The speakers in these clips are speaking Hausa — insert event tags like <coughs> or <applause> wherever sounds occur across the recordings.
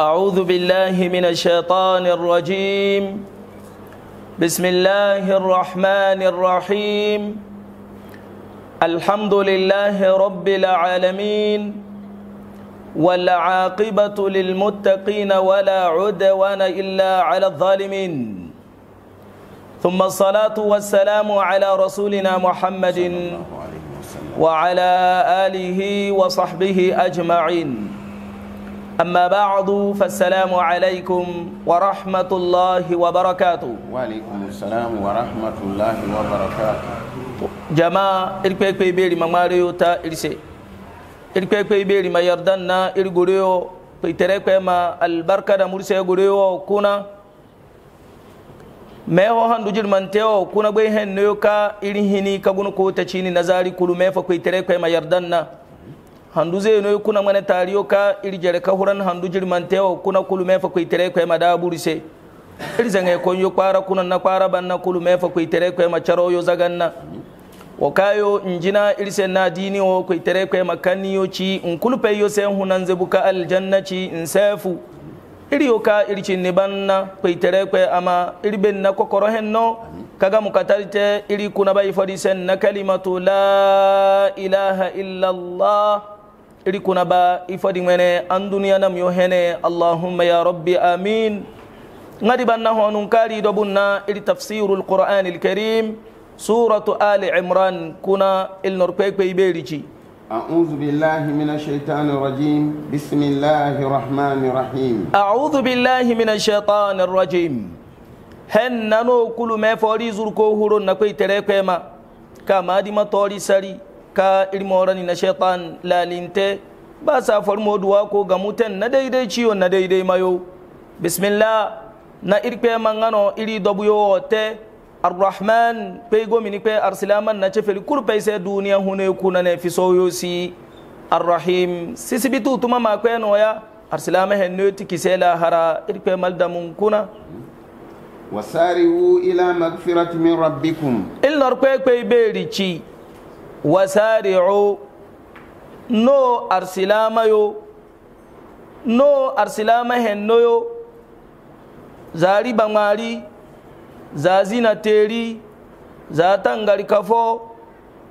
أعوذ بالله من الشيطان الرجيم بسم الله الرحمن الرحيم الحمد لله رب العالمين والعاقبة للمتقين ولا عدوان إلا على الظالمين ثم الصلاة والسلام على رسولنا محمد وعلى آله وصحبه أجمعين أما بعد فالسلام عليكم ورحمة الله وبركاته وعليكم السلام ورحمة الله وبركاته جماعة إلكوكو بيري مماريو تا إلسي إلكوكو بيري ما يردنا إلغوريو بيتركو ما البركة دا مرسي غوريو كنا meho handu jirmanteo kuna gwe hen noyo ka irin hini kagunu ko tacini nazari kulu mefa kwe tere kwe ma yardanna handu zai zeno kuna mane tariyo ka irjere ka huran handu jirmanteo kuna kulu kulumefa kuitere kwe madaburise irzange konyo kwara kuna na kwara banna kulumefa kuitere kwe macharo yo zaganna wakayo njina irse na dini wo kuitere kwe makaniyo chi nkulupe yo sen hunanze buka aljanna chi insefu iriyo ka irci ni banna kuitere kwe ama irben na kokoro henno kaga mukatalite iri kuna bai fadi sen na kalimatu la ilaha illallah iri kuna ba an duniya nam yo hene allahumma ya rabbi amin ngadi banna honun kari do bunna iri tafsirul qur'anil karim suratu ali imran kuna il norpekpe iberici أعوذ بالله من الشيطان الرجيم بسم الله الرحمن الرحيم أعوذ بالله من الشيطان الرجيم هن نانو كل ما فوري زركو هورو نكوي تريكوما كما دي ما توري سري ka irmorani na shaitan lalinte ba sa farmo duwa ko ga mutan na daidai ciwon na daidai mayo bismillah na irpe mangano iri dobuyo te arrahman pe gomini pe arsilaman na cefeli kurpe se duniya hune kuna ne fisoyo si arrahim sisibitu tuma ma kwe noya arsilama henno tikise la hara irpe maldamun kuna wasari'u ila magfirati min rabbikum illar kwe kwe beri ci wasari'u no arsilamayo no arsilama hennoyo zari baŋari za zina teri za tangari kafo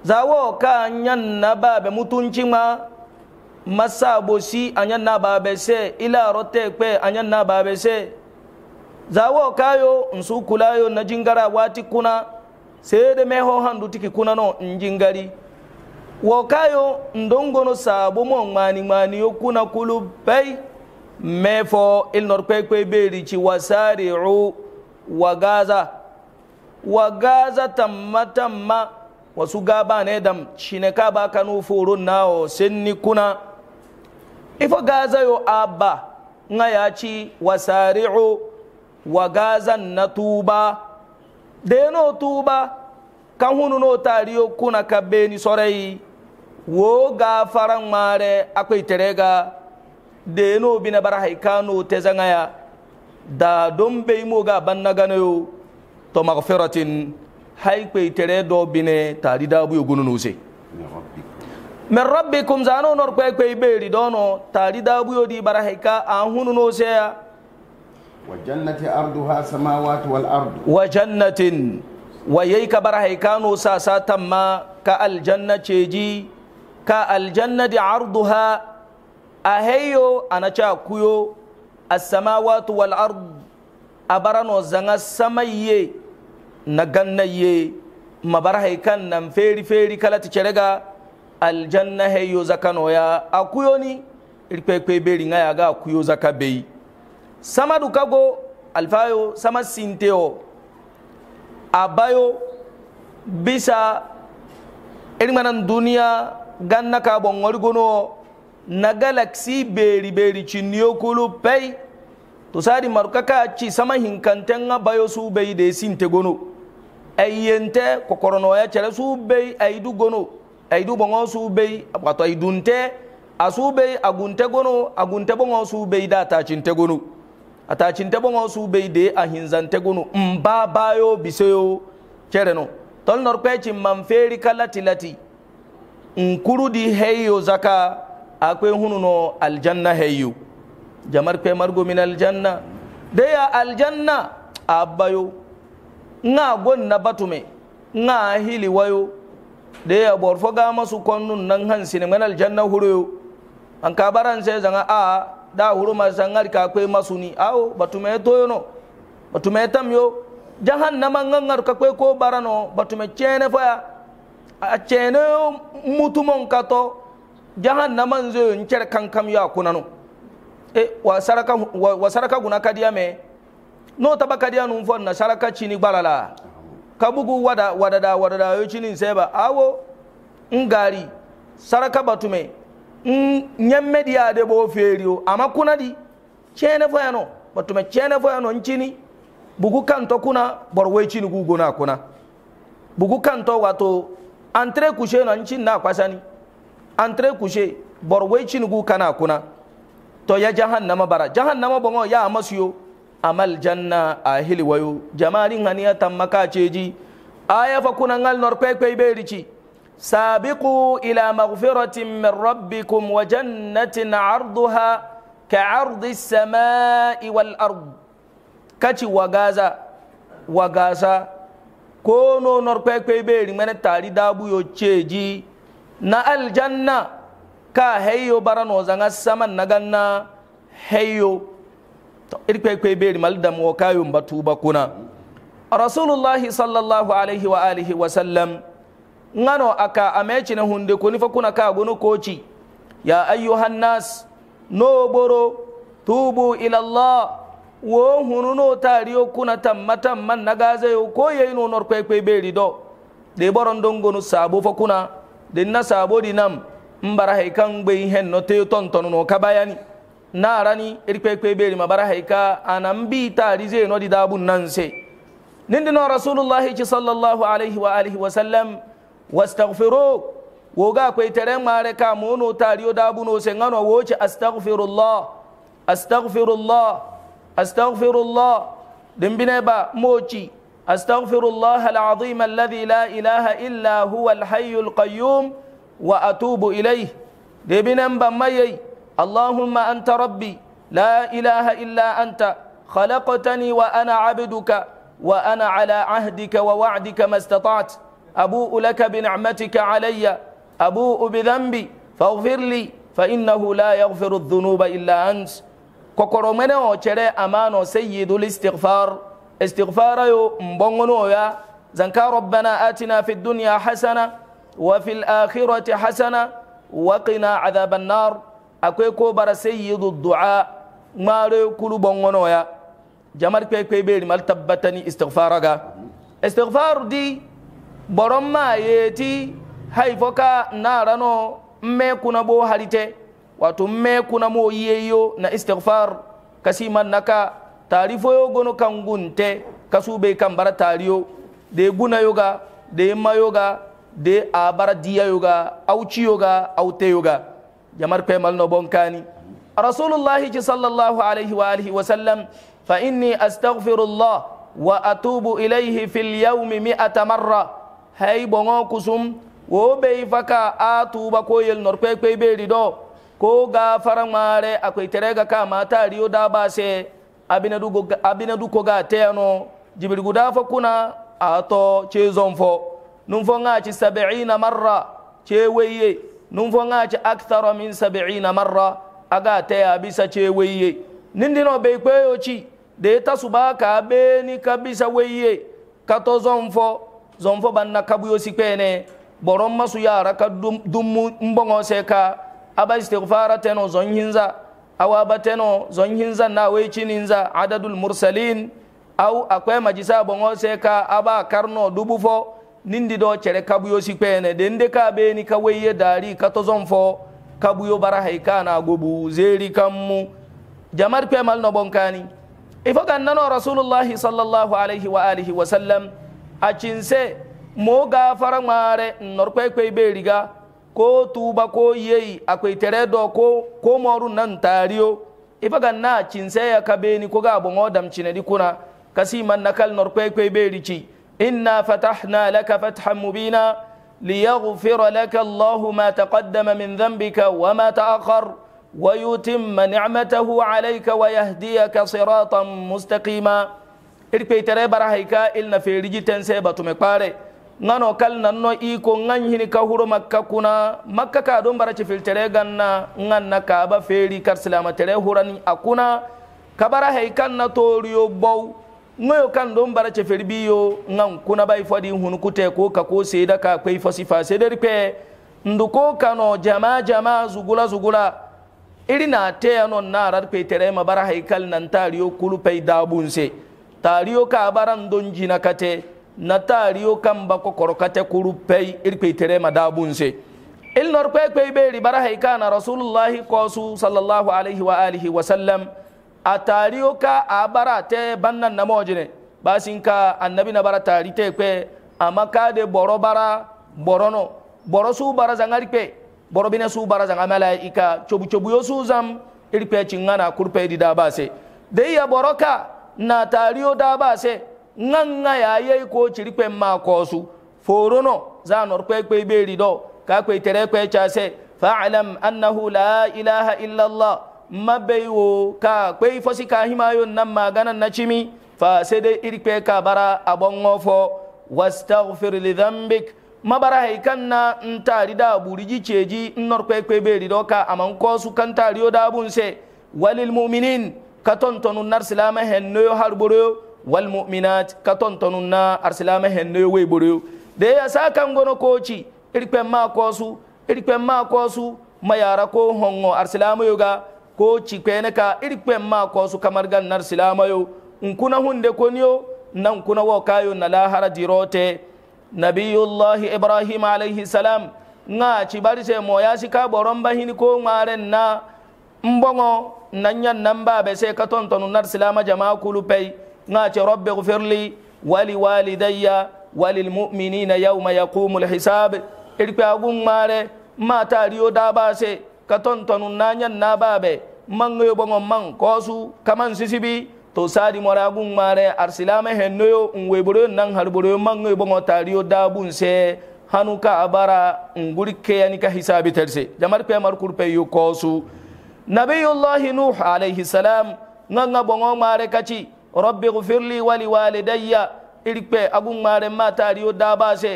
za wo ka anyan na babe mutunci ma masa bosi anyan na babe se ila rote kpe anyan na babe se za wo kayo nsu yo na jingara wati kuna seede me ho handu tiki gari njingari wokayo ndongono saabu mo ŋmani ŋmaniyo kuna kulu kwe me fo ilnor kwekwe wa wasariu wagaza wagaza tamma tamma wasu gabane dam cine ka ba kanu foro nawo senni kuna ifo gazayo abba ŋa yaci wasariu wagazan na tuba deno tuba kan hunu no tariyo kuna kabeni sorai wo ga faran mare akwai terega deno bina bar haikano te zangaya da don bai mo ga banna ganayo to maghfiratin haikwai tere do bine tari da bu yugunu nuse min rabbikum zano nor kwaikwai beri dono tari da bu di bar haika an hunu no seya wa jannatin wa ka bar haikano sa satan ma ka aljanna ce ka aljannadi di ardu ha a hayo a na ca kuyo a sama wato wal a barano zanga samaye na gannaye ma bar haikan nan feri feri kalata ce daga aljanna hayo zakano ya a ni rikpekpe beri ngaya ga kuyo zaka bai samadu dukago alfayo sama sinteo a bayo bisa manan duniya ganna kabon gono na galaxy beri beri cinniyo kulu pai to sari marukaka ci sama hinkanten a bayo su bai da sinte gono ayyente kokorono ya cere su bai aidu gono aidu bongo su bai wato aidunte a su bai agunte gono agunte bongo su bai da tacinte gono a tacin mo su bai da a hinzante gunu ba bayo biseyo no tol norpecin pecin man feri lati in kuru di heyo zaka hunu no aljanna heyo jamar pe margo min aljanna da ya aljanna abayo gwan na batume na hili wayo da ya borfo ga masu konnun nan ne mana aljanna huro an kabaran sai zanga a da huruma sangari ka kwe masuni awo batume toyono batume jahan nama ngangar ka kwe ko barano batume chene faya a chene mutumon kato nama nzo ncher kankam ya kunano e wa saraka wa saraka guna kadiya me no taba kadiya nun fon na saraka chini balala kabugu wada wada da wada da yo chini seba awo ngari saraka batume ñammedi yaade b'o feeri o ama kuna di ɗi ceene foyano batume ceene foyano ncini bugu kanto kuna boro k'u cini na kuna bugu kanto wato entré kushe no nchini na kpasani entré couché boro woy cini k'u kana kuna to ya jahannama bara jahannama bongo ya amasiyo amal janna a hiliwayo jamari ŋaniya tamma ka ceji aya fa kuna ngal nor b'e ɓeeri ci سابقوا إلى مغفرة من ربكم وجنة عرضها كعرض السماء والأرض كتي وغازا وغازا كونو نرقى كبير من التالي دابو يوچيجي نا الجنة كا هيو بران وزنغا السمن نغنى هيو إرقى كبير مالدم وكايو بطوبة كنا رسول الله صلى الله عليه وآله وسلم ngano aka ameci na hunde ko nifa kuna ka gono kochi ya ayyuhan nas no boro tubu ila allah wo hununo tariyo kuna tamma tamman na gazayo ko no nor kwekwe beri do de boron dongo no sabo fa kuna de na sabo di nam mbara kan be hen no te tonton no ka bayani. kabayani narani irkwekwe beri mabara haika bi tari no di dabun nan se nindi no rasulullahi sallallahu alaihi wa alihi wa sallam واستغفروا وغا كويترن ماركا مونو تاريو دابونو سنغان ووش استغفر الله استغفر الله استغفر الله دمبنا با موشي استغفر الله العظيم الذي لا اله الا هو الحي القيوم واتوب اليه دبنا ميي اللهم انت ربي لا اله الا انت خلقتني وانا عبدك وانا على عهدك ووعدك ما استطعت أبوء لك بنعمتك علي أبوء بذنبي فاغفر لي فإنه لا يغفر الذنوب إلا أنت كوكورومنا وشري أمانو سيد الاستغفار استغفار يو مبونغنو يا زنكا ربنا آتنا في الدنيا حسنة وفي الآخرة حسنة وقنا عذاب النار أكويكو كوبر سيد الدعاء مارو كل بونغنو يا جمال كوي كوي بيري مال تبتني استغفارك استغفار دي boroma yeti haifoka na rano mme kuna bo harite watu mme kuna mo yeyo na istighfar kasiman naka tarifo yo gono kangunte kasube kan bara tariyo de guna yoga de ma yoga de abara dia yoga chi yoga te yoga jamar pemal no bonkani rasulullahi sallallahu alaihi wa alihi wa sallam fa inni astaghfirullah wa atubu ilayhi fil yawmi mi'ata marra hay bongo kusum wo be faka a tuba ko yel nor kwe kwe beri ko ga fara faramare akwai terega ka mata riyo da ba se abina du abina du ko ga teyano jibir guda fa kuna a to ce zonfo nun fo nga ci 70 marra ce weye nun nga ci akthara min 70 marra aga teya bisa ce weye nindino be kwe yo ci de ta subaka be ni ka bisa weye ka to zonfo zonfo banna kabuyo si kpene boron masu yara ka dummu mbongo se ka aba istighfara teno zon hinza awa ba teno zon hinza na wai cininza adadul mursalin au akwai majisa bongo se ka aba karno dubu fo nindi do cere kabuyo si kpene dende ka beni ka weye dari ka to zonfo kabuyo bara haika na gobu zeri kammu jamar kwe mal no bonkani ifo kan nano rasulullahi sallallahu alaihi wa alihi wa sallam a cinse mo gafara ŋmaare norkwaikwai be riga ko tuba ko yeyi akwai tere do ko ko moru nan tariyo ifaga na cinse ya ka beni ko ga bon odam cinedi kuna kasi man nakal norkwaikwai be riki inna fatahna laka fathan mubina liyaghfira laka allahu ma taqaddama min dhanbika wa ma ta'akhkhara ويتم نعمته عليك ويهديك صراطا مستقيما irpe tere bara haika ilna feriji tense batume kpare ngano kal nanno iko ngan ka huro makka kuna makka ka don bara ganna ngan na ka ba feri kar silama tere hurani akuna kabara haikan na toriyo bau ngoyo kan don bara cifil y'o ngan kuna bai fadi hun kute ko ka ko seda ka kwai fasifa sedar pe nduko kano jama jama zugula zugula iri na te anon na rar pe tere ma bara haikal nan tariyo kulu pe dabunse tariyo ka baran don jina kate na taariyo kan ba kokoro kate kuru pei irpe tere madabun se il nor kwe kwe be ri bara hay kana rasulullah qasu sallallahu alaihi wa alihi wa sallam a taariyo ka a bara te bannan na mojine basin ka annabi na bara tari te kwe amaka de boro bara borono boro su bara zangari kwe boro bine su bara zanga malaika chobu chobu yo su zam irpe chingana kurpe di da base de ya boroka na tariyo da ba se nganga ya ye ko chirikpe ma ko su forono za nor kwe kwe beri do ka kwe tere kwe cha se fa'lam annahu la ilaha illa allah mabaiwo ka kwe fosi ka himayo nan maganan na chimi fa sai dai irkwe ka bara abon ngofo wastaghfir li dhanbik mabara kan na ntari da buriji ceji nnor kwe kwe beri do ka aman su kan tariyo da bun se walil mu'minin na katontonu narsilama walima harboroyo ka katontonu na arsilama boro weyboroyo de ya sa kan kangono koci irkpen ma kosu irkpen ma kosu mayara ko hongo arsilamayo ga koci kwene ka irkpen ma kamar gan narsilamayo nkuna hunde koniyo na nkuna wo kayo na lahara tɛ. nabiyullahi ibrahim alayhi salam nga ci barse mo ya shi ka boron bahini ko ngaren na n mbongo nanya namba be se ka ton tonu nar silama jama kulu pay nga ce rabbi ghfirli wali walidayya walil mu'minina yawma yaqumul hisab irpe agun mare ma tariyo da ba se ka ton tonu nanya na babe ma yo bongo man kosu kaman sisibi to sadi mora gun mare arsilama hennoyo nweboro nan harboro man yo bongo tariyo da bun se hanuka abara nguri ke yani ka hisabi jamari jamar pe mar kurpe yo kosu nabiyullahi nuh alayhi salam ŋaŋa boŋo ŋmaare kaci rabbi gfirli wali walidayya irikpe agu ŋmaare ma taariyo daabaase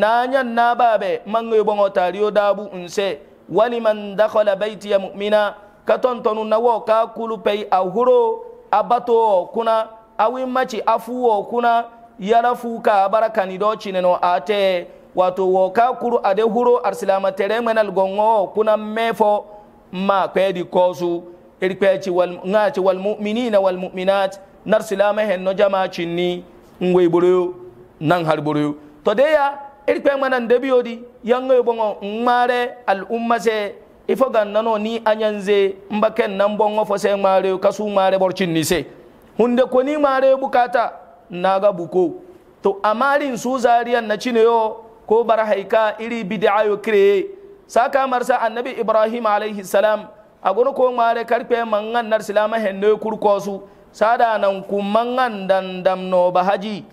naanya naabaabe maŋŋeyo boŋo taariyo daabu nse waliman dakhala ya mu'mina ka tontonu nawo ka kulu pey a huro a kuna awi maci a kuna yala fu ka bara kanido ate wato wo ka kuru ade huro arsilama tere ŋmenal goŋo kuna mefo ma kpɛɛdi kɔɔsu eri wal ŋaaci wal mu'minina wal mu'minat nar silama hen no jama cinni ngwe boroyo nan har boroyo to de ya eri manan ŋmana ndebi yodi yanga yo bongo ŋmaare al umma se ifo gannano ni anyanze mbaken nan bongo fo se ŋmaare kasu mare bor cinni se hunde ni ŋmaare bukata naga buko to amarin su zariyan na cineyo ko bar haika iri bid'a yo kreye saka marsa annabi ibrahim alaihi salam a agunu ko mare karpe mangan nar silama hende kurkosu sada nan kumangan dan damno bahaji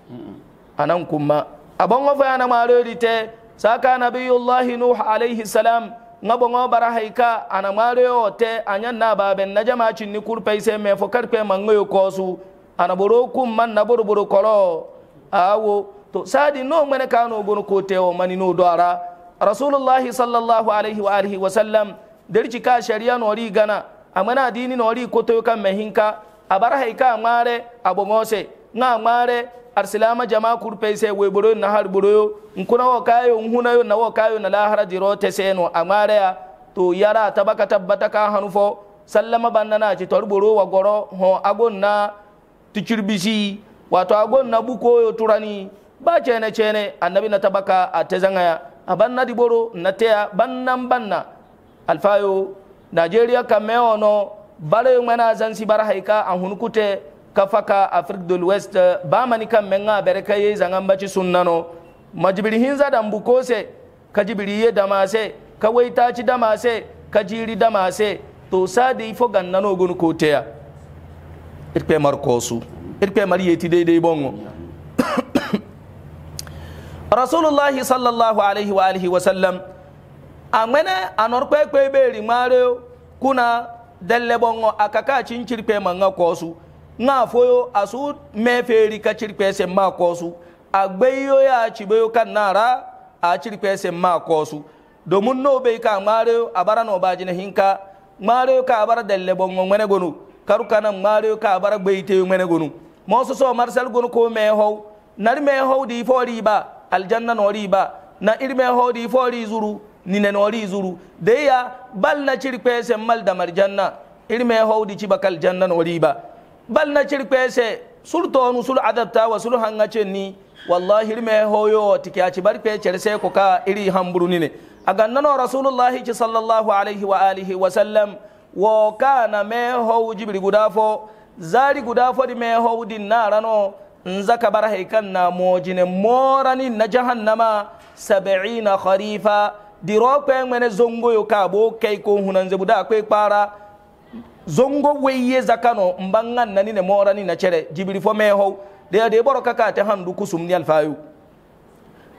anan kuma abon wa fayana mare dite saka nabiyullahi nuh alaihi salam ngabo ngo bara haika ana mare ote anyan na baben na jama cinni kurpe se me fo karpe mangoyo su. ana boro kumman na boro boro kolo awo to sadi no mene kano gono ko tewo mani no do rasulullahi sallallahu alaihi wa alihi wasallam derci ka sharia nori gana amana dini nori to kan a bar haika mare mose na mare arsilama jama kurpe se we buru na har in kuna wa kayo huna yo na wa kayo na lahara jiro te seno amare ya to yara tabaka tabbata ka hanufo sallama bannana ci tor boro wa goro ho agonna tikirbisi wato agonna na yo turani ba cene cene annabi na tabaka a tezanga abanna di boro nateya bannan banna alfayo nigeria kamme ono balayo ŋmena zansi bara haika a hunkute kafaka afrique west l'ouest eh, bamani kan ŋa bere ka ye zaŋan baci no majibiri hinza dambu se ka jibiri ye damase ka dama damase ka jiri damase to sadi ifo gannano gonu koteya irkpe mar kosu irpe mar yeti daidai bongo <coughs> rasulullah sallallahu alaihi wa alihi wa sallam amene anorpe pe beri mare kuna dalle bongo akaka cin cirpe manga kosu nga foyo asu me feri ka cirpe se ma kosu agbeyo ya kan nara a cirpe se ma kosu domin no be ka mare abara no baji na hinka mare ka abara dalle bongo mene gonu karukana mare ka abara gbeite mene gonu mo so so marsal gonu ko me ho nar me ho di fori ba aljanna nori ba na irme hori fori zuru nine nori zuru deya bal na cirpe se mal da marjanna irme hodi ci bakal janna nori ba bal na cirpe se surtonu sul adabta wa sul hanga cenni wallahi irme hoyo tikya ci barpe cerse ko ka iri hamburu nine aga nano rasulullahi ci sallallahu alaihi wa alihi wa sallam wo kana me ho jibri guda zari gudafo fo di me ho din narano nzaka bar haikan na mojine morani na jahannama saba'ina kharifa diro kwen mene zongo yo kabo kai ko hunan zabu da akwai kpara zongo weye zakano mbangan nani ne morani na chere jibiri fo meho de de boro kaka ta handu kusum ni alfayu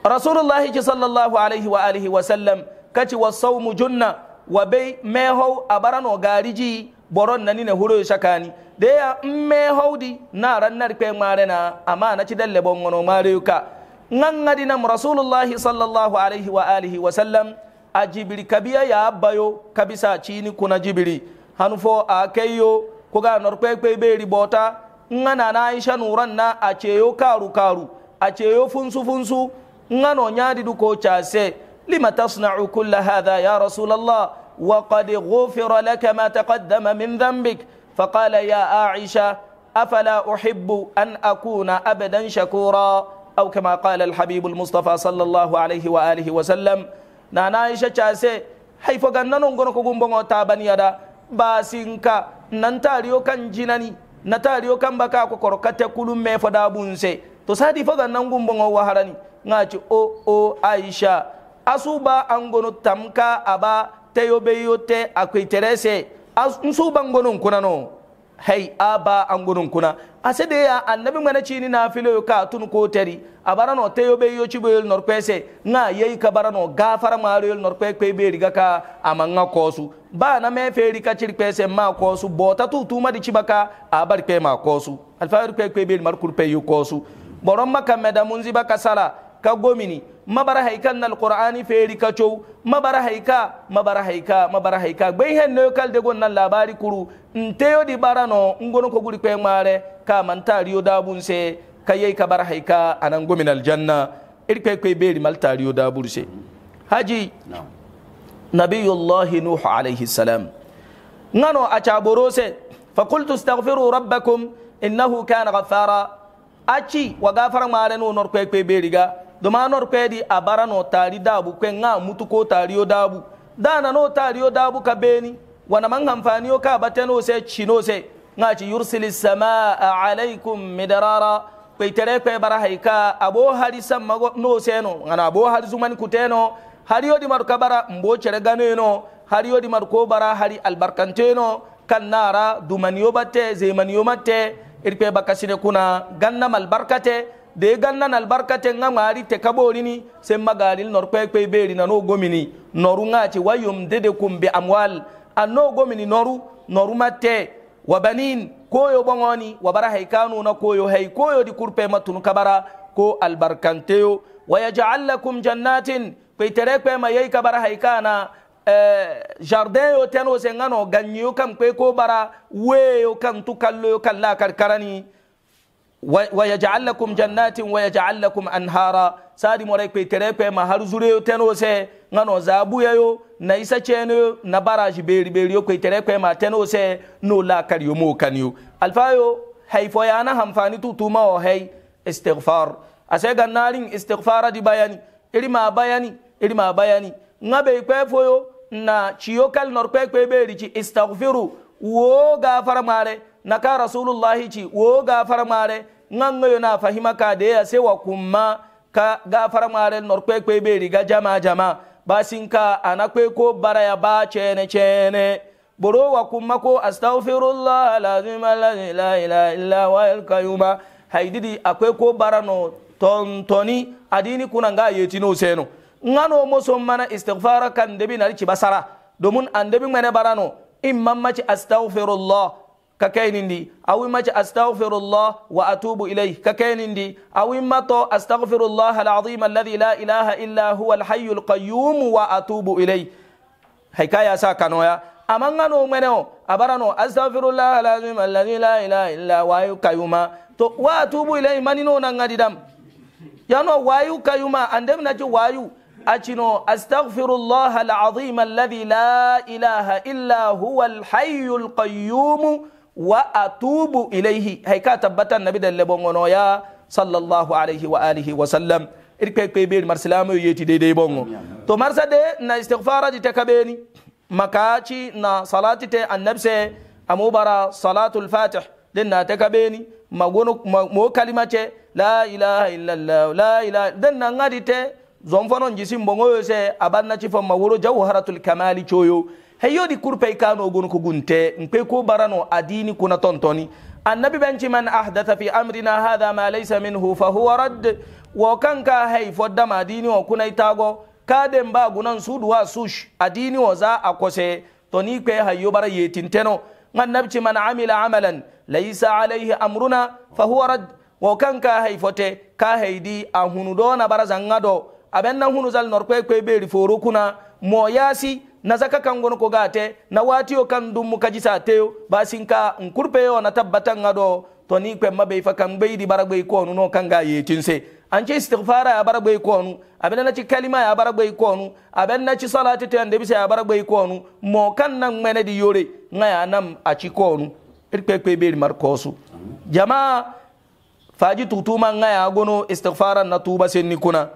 rasulullahi sallallahu alaihi wa alihi wa sallam kaci wa saumu junna wa bai meho abarano gariji boron nani ne huro shakani dea mme hawdi na rannar kwe mare na amma na ci dalle bon ngono mare yuka nan ngadi sallallahu alaihi wa alihi wa sallam ajibri kabia kabiya ya bayo kabisa chini kuna jibiri hanfo a kaiyo kuga nor kwe be ribota ngana na aisha nuran na a ceyo karu karu a ceyo funsu funsu ngano nyadi du ko chase lima tasna'u kulla hadha ya rasulallah وقد غفر لك ما تقدم من ذنبك فقال يا عائشة أفلا أحب أن أكون أبدا شكورا أو كما قال الحبيب المصطفى صلى الله عليه وآله وسلم نانا عائشة تاسي حيث غنن غنك غنبو تابن يدا باسينكا ننتاريو كان جناني نتاريو كان بكا كوكورو كتكلم مي فدابونسي تسادي فغنن غنبو وحراني ناتي او او عائشة asuba angono tamka aba teyobeyote akwiterese nso ba ngonon kuna no hey aba angonon kuna de ya annabi ngana chini na filo ka tun ko tari abara no teyo be yo chibo nor pese na yei ka bara no gafara maro yo nor pepe be riga ka amanga kosu ba na me fe riga chiri pese ma kosu bota tu tu ma di chibaka abar pe ma kosu alfa pepe be mar kur pe yo kosu boron maka medamunzi baka sala كغومني ما برهيكن القران فيري كچو ما برهيكا ما برهيكا ما برهيكا بهن نوكل دغون لاباري كرو انتيو دي بارانو انغونو كوغوري كيماري كما انتا ريو دابونسي كايي كبرهيكا انا غومن الجنه اركاي كوي بيري مالتا ريو دابورسي حاجي نعم. نبي الله نوح عليه السلام نانو اچابوروسي فقلت استغفروا ربكم انه كان غفارا اچي وغفر مالن ونور كوي كوي doma nor kwedi abara no tari dabu kwen nga mutu ko tari o dabu dana no tari o dabu ka beni wana man hamfani o ka bateno se chino se nga ci yursili samaa alaikum midarara kwe tere kwe bara haika abo hari samma no se ngana abo hari zuman kuteno hari yodi mar kabara mbo chere ganeno hari yodi mar ko bara hari albarkanteno kan nara dumaniyo batte zemaniyo matte irpe bakasine kuna gannam albarkate de ganna na albarkacin nga ngari te kabori ni semma garil nor kwe kwe beri na no gomini noru nga ci wayum dede kumbi amwal no gomini noru noru mate wa banin koyo bongoni wa bara haikanu na koyo hay koyo di kurpe matun kabara ko albarkanteyo wa yaj'al lakum jannatin kwe tere kwe mayai kabara haikana eh, jardin yo teno se ngano kam kwe ko bara weyo kan tukallo kan la karkarani ويجعل لكم جنات ويجعل لكم انهارا سادي موري كوي تريبي ما هر زوريو تنو سي ngano zabu yayo na isa chenu na baraji beri beri yo kwe tere kwe ma teno se no la kar yo mo kanyo alfayo hay foyana hamfani tutuma o hay istighfar ase gannarin istighfara di bayani iri ma bayani iri ma bayani ngabe kwe foyo na chiyokal nor kwe kwe beri chi istaghfiru wo gafara mare naka rasulullahi ci wo gafar mare ngangoyo na fahima ka de ya sewa kuma ka gafar mare nor kwe kwe beri ga jama jama ka ana kwe ko ya ba chene chene boro wa kuma ko astaghfirullah alazim la ilaha illa al alqayyum haididi akwe ko barano tontoni adini kuna nga no seno ngano moso mana istighfara kan debi na ci basara domin an mene barano imman mace astaghfirullah ككينندي أو ما أستغفر الله وأتوب إليه ككينندي أو ما أستغفر الله العظيم الذي لا إله إلا هو الحي القيوم وأتوب إليه حكاية ساكنويا amangano meneo abarano astaghfirullah alazim alladhi la ilaha illa wayu kayuma to wa atubu ilay manino nangadidam yano wayu kayuma andem naji wayu acino astaghfirullah alazim الذي لا ilaha illa huwa alhayyul qayyum wa atubu ilayhi hay ka tabbata nabi dalle bongono ya sallallahu alaihi wa alihi wa sallam irpe pe be mar salamu yeti de de bongo to mar de na istighfara di takabeni makaci na salati te annabse amubara salatul fatih din na takabeni magono mo kalima ce la ilaha illallah la ilaha din na ngadi te zonfonon jisim bongo se abanna ci fo mawuro jawharatul kamali choyo heyodi kurpey kano gon ko gunte npe ko barano adini kuna tontoni annabi benci man ahdatha fi amrina hadha ma laysa minhu fa huwa radd wo kanka hey foddama adini o kuna itago kaden ba gunan suduwa sush adini o za a kose to ni hayo bara yetinteno annabci man amila amalan laysa alayhi amruna fa huwa radd wo kanka hey fote ka heydi a na bara zanga do aben na norkwe kwe beri foro kuna moyasi na zaka kangono ko gate na watiyo kan dum mukajisa teyo basinka yo na tabbatan ngado to ni kwe mabe fa kan bai di baragbe ko no kan ga ye tinse an ce istighfara ya baragbe ko no abena na ci kalima ya baragbe ko no abena na ci salati to ande bisa ya baragbe ko no mo kan nan mene di yore ngaya nam a ci ko no irpe kwe be mar ko su jama'a faji tutuma ngaya gono istighfara na tuba sen ni kuna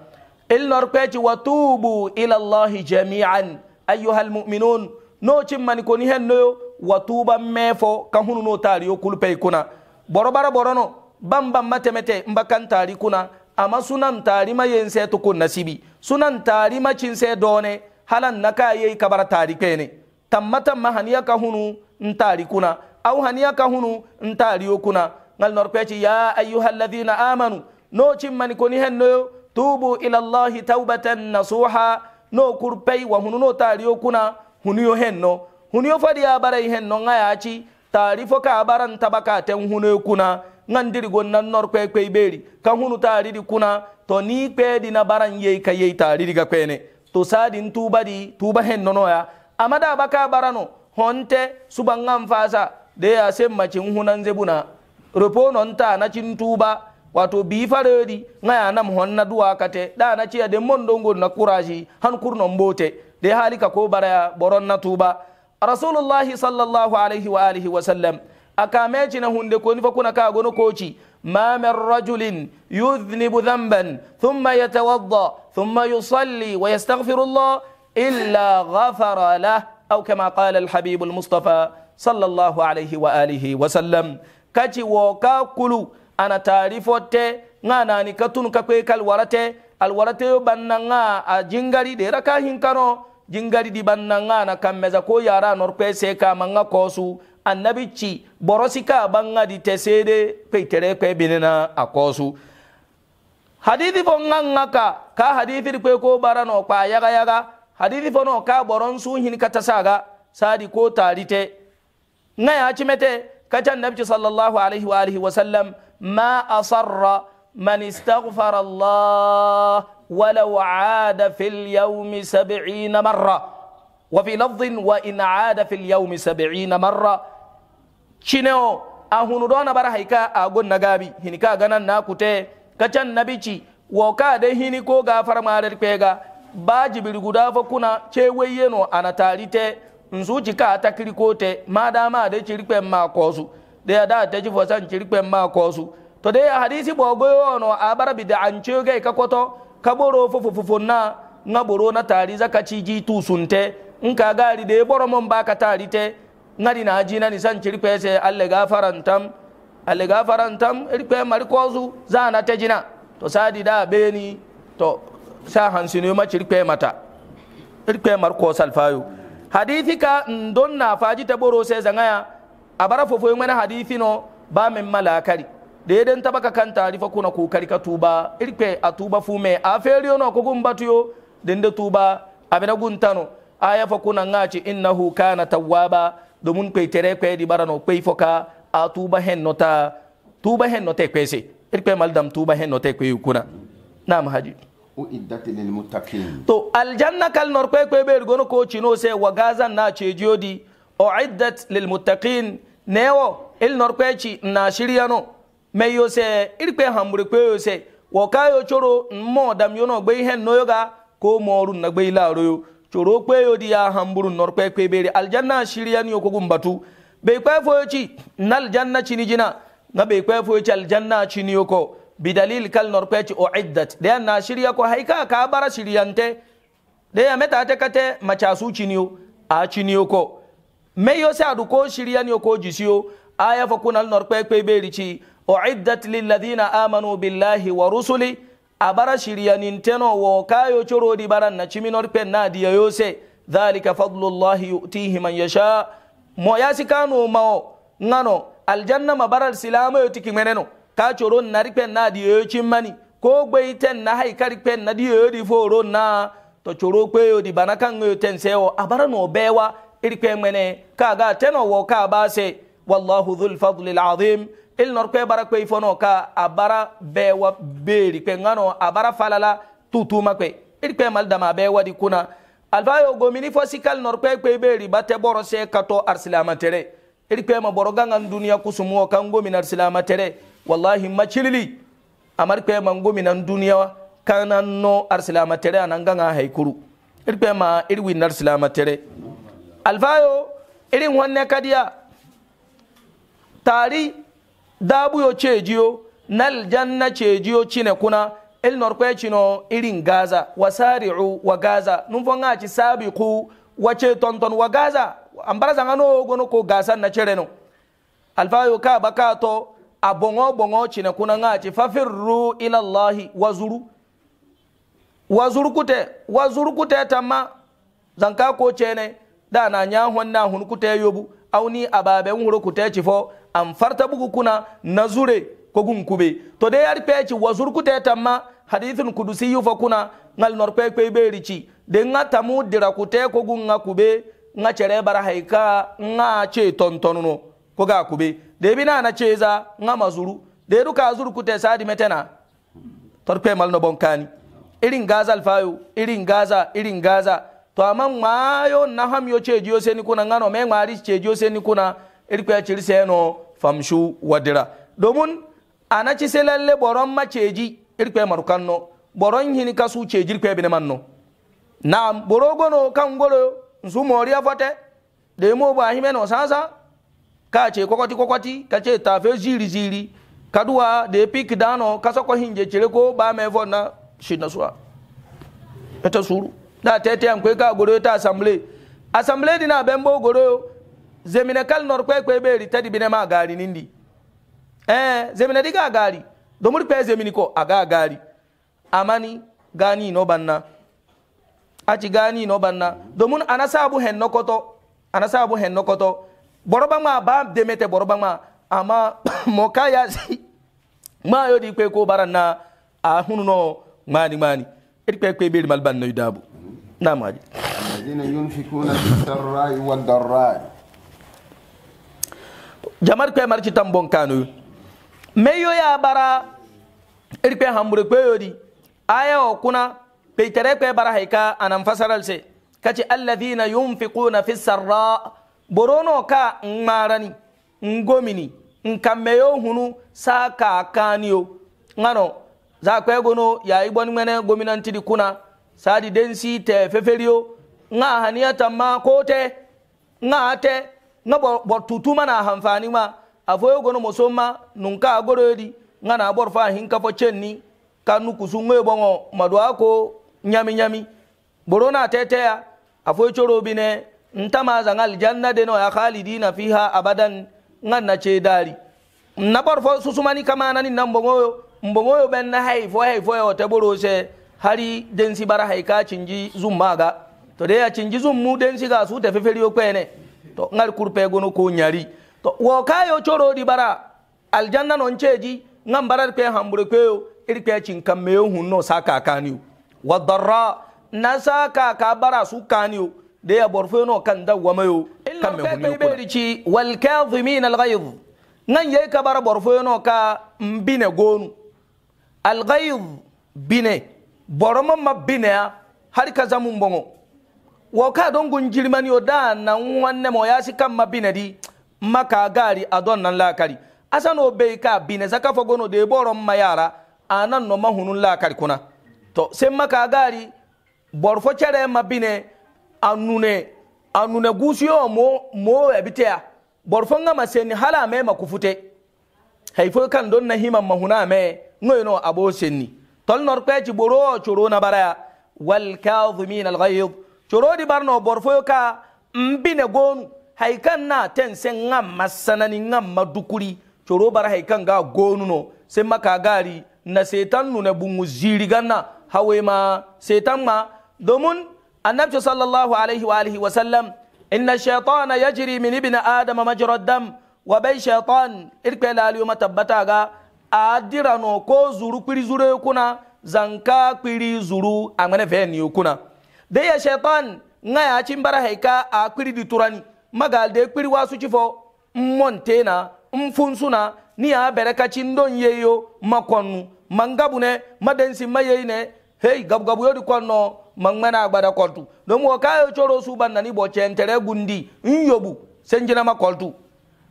il nor kwe ci watubu ila allah jami'an أيها المؤمنون نو ماني كوني هنو وتوبا ميفو كهونو نو تاريو كل بيكونا برو برا برونو بام بام متي متي مبكان تاريكونا أما سنان تاري ما ينسى تكون نسيبي سنان تاري ما تشنسى دوني هلا نكا يي كبر تاريكيني كيني تم تم هنيا كهونو نتاري كنا أو هنيا كهونو نتاريو كنا نال نوربيتي يا أيها الذين آمنوا نو ماني كوني هنو توبوا إلى الله توبة نصوحا no kurpei wa hunu no tariyo kuna huniyo henno yo fadi ya barai henno nga yaci tari fo ka baran tabaka ten hunu kuna ngandiri nan nor kwe kwe beri ka hunu di kuna to ni kwe di na baran ye ka yei di ga ne to sadin tuba di tuba henno no ya amada baka barano honte subangan fasa de ya semma cin hunan zebuna repo non ta na cin tuba wato bi fareri ngaya nam honna duwa kate da na ciya de mondo ngol na kuraji han kurno mbote de halika ko baraya boron na tuba rasulullahi sallallahu alaihi wa alihi wa sallam aka meci na hunde ko nifa kuna ka gono koci ma min rajulin yudhnibu dhanban thumma yatawadda thumma yusalli wa yastaghfiru illa ghafara lah aw kama qala al habib al mustafa sallallahu alaihi wa alihi wa sallam kaci wo ka kulu ana taarifo te nga nani katunu kakwe kalwarate alwarate yo banna nga a jingari de raka hinkano jingari di banna nga na kammeza ko yara norpe se ka manga kosu annabi ci borosika ka banga di tesede pe tere pe binena a kosu hadithi fo nga nga ka ka hadithi di kwe ko barano kwa yaga yaga hadithi fo no ka boron su hin katasaga sadi ko tarite nga ya cimete kacan nabi sallallahu alaihi wa alihi wa sallam ما أصر من استغفر الله ولو عاد في اليوم سبعين مرة وفي لفظ وإن عاد في اليوم سبعين مرة شنو أهون دون برهيكا أقول نقابي هنكا غنان ناكوتي كتن نبيتي وكا ده هنكو غافر مالر كيغا باجي بالغدا فكنا چه أنا تاليتي nzuci ka ta kirikote ma dama da kirkpen ma kozu de da ta ji san cirkpe ma su to dai hadisi bo goyo no abara bid'an ga ka koto fufufufu na na boro na tari zaka sunte in ka gari da boro mon ka tari te ngari na aji na san cirkpe se alle gafarantam alle tam irkpe mari na zana jina to sadi da ni to sa hansinu ma cirkpe mata irkpe mar ko salfayo hadithika ka ndon na faji ta boro se zangaya a abara fofo mana hadithi no ba min malakari da yadan taba ka kan tarifa kuna kokari ka tuba irpe a tuba fume a feriyo no ko gumba tuyo dinda tuba a na abina guntano aya fa kuna ngaci innahu kana tawwaba domin kai tere kai di bara barano kai foka a tuba hen nota tuba hen nota kai se irpe dam tuba hen nota kai kuna na na'am haji uiddat lil muttaqin to aljanna kal nor kai kai ber gono ko cino se wagazan na ce jodi uiddat lil muttaqin newo il norkweci na shirya no mai yose irkwe hamburi kwe yose wo kayo choro mo dam yo gbe no yoga ko moru na gbe ilaro yo choro kwe yo hamburu kwe bere aljanna shirya ni ko gumbatu be kwe foyoci nal chini jina na be kwe aljanna chini yoko bidalil kal norkweci o iddat de na shirya ko haika kabara bara shiryante de ya meta ta kate macasu chiniyo a chiniyo meyo se adu ko shiriyani ko jisiyo aya fa kunal nor pe pe berici uiddat lil ladina amanu billahi wa rusuli abara shiriyani teno wo kayo choro di baran na chiminor pe na di yose dhalika fadlullahi yu'tihi man yasha mo yasikanu mao ngano aljanna mabaral silama yo tiki meneno ka choro nari pe na di yo chimmani ko gbe iten na hai kari pe na di yo di foro na to choro pe yo di banakan yo ten sewo abara no bewa irkwe mene ka ga teno wo ka ba se wallahu dhul fadli alazim il nor kwe bara kwe fono ka abara bewa beri kwe ngano abara falala tutuma kwe irkwe mal dama wa di kuna alfayo gomini fo sikal nor kwe kwe beri bate boro se kato arsilama tere irkwe ma boro gangan duniya kusumo kan gomin arsilama tere wallahi machilili amar kwe man gominan duniya kanan no arsilama tere anan ganga haikuru irkwe ma irwi narsilama tere alfayo irin wanne kadiya tari yo chejio nal janna chejio chine kuna il norkwe chino irin ngaza wasari'u wa gaza nun fo nga ci sabiqu wace tonton wa gaza ambara zanga no gono ko gaza na chereno alfayo ka bakato abongo bongo chine kuna nga chi fafirru ila allahi wazuru wazuru kute wazuru kute tama zanka ko chene da na nya na hun kute yobu auni ababe huro kute chifo an farta bugu kuna na zure ko to dai yar peci wazur kute tamma hadithun kudusi yufa kuna ngal nor pe pe berici de nga tamu dira kute ko gunga kube nga cere bara haika nga ce tontonuno ko ga kube de bina na ceza nga mazuru de duka zuru kute sadi metena torpe malno bonkani irin gaza alfayo irin gaza irin gaza to amma ŋmayo nahamyo ceejiyo seni kuna ŋano me ŋmaari ceejiyo seni kuna iri kwe ciri seno famshu wadira domin ana ci sai lalle boron ma ceji iri marukan no boron hini kasu ceji iri kwe bine man na boro kan golo nsu moriya fote da yimo ba hime no sansa ka ce kokoti kokoti ka ce tafe ziri ziri kaduwa de pik dano kasa hinje cire ko ba na suru na tete am kweka goro ta assembly assembly di na bembo goro zemine kal nor kwe kwe be ri tadi bine ma gari nindi eh zemine diga gari domur pe zemini ko aga gari amani gani no banna aci gani no banna domun anasabu hen nokoto anasabu hen nokoto boroba ma ba demete boroba ma ama <coughs> moka ya si ma yo di kwe ko baranna ahunu no mani mani edi kwe kwe beri malban no yudabu Naam Haji. Alladhina yunfikuna Jamar kwe marchi tambon kanu. Meyo ya bara iri kwe hambure kwe yodi. Aya okuna peitere kwe bara haika anan fasaral se. Kachi alladhina yunfikuna fis-sarra' borono ka ngmarani ngomini nkameyo hunu saka kaniyo. Ngano za gono ya ibon mene gominantidi kuna sadi den densi te feferiyo nga haniyata ma ko kote nga ate nga bor tutuma na hanfani ma a afoyo gono mosoma nunka agorodi nga na bor fa ka fo chenni kanu kusungwe bongo madwa ko nyami nyami borona teteya afoyo chorobi ne ntama zanga aljanna de no ya khalidina fiha abadan nga na chedari na bor fo susumani kama nani nambongoyo mbongoyo ben na hay fo hay fo yo te borose hari densi bara haika cinji zum maga to de ya cinji zum mu densi ga su tafi feriyo kwene to ngar kurpe gono ko nyari to wo kayo choro di bara aljanna non ceji ngam barar kwe hambure kweyo iri kwe cin kamme hunno saka kaniyo wadarra na saka ka bara su kaniyo de ya borfe no kan da wama yo kan me hunni ko ci wal kadhimin al ghayz nan yayi ka bara borfe no ka mbine gonu al ghayz bine boroma binaya hari kaza mun bongo waka don gun girmani o da nan wanne mo ya kan mabine di maka gari a don nan lakari asan o bai ka bine zaka fa gono de boron ma yara anan no mahunun lakari kuna to sai maka gari borfo cere mabine anune anune gusiyo mo mo ebitea borfo ngama sen hala me makufute haifo kan don na himan mahuna me ngoyno abo senni tolnor kpeeci ɓoro corona baraya walkazimina alghayid corodi barno borfoyo ka mbine gonu haikan na ten se ngamma sanani ngamma dukuri coro bara haikan ga gonu no se maka gari na setan nuna bungu ziri ganna hawe ma setan ma domin annabi sallallahu alaihi wa alihi wa sallam inna shaytana yajri min ibn adama majra dam wa bai shaytan irkela aliyuma tabbata ga adirano ko zuru kpiri zuru kuna zanka kpiri zuru amene veni ukuna de ya shaitan nga ya chimbara haika a kpiri diturani magal de kpiri wasu chifo mmontena mfunsuna ni ya bere kachi ndon yeyo makonu mangabune madensi mayene hey gabgabu yodi konno mangmana agbada koltu don wo kayo choro su banna ni boche ntere gundi nyobu senjina makoltu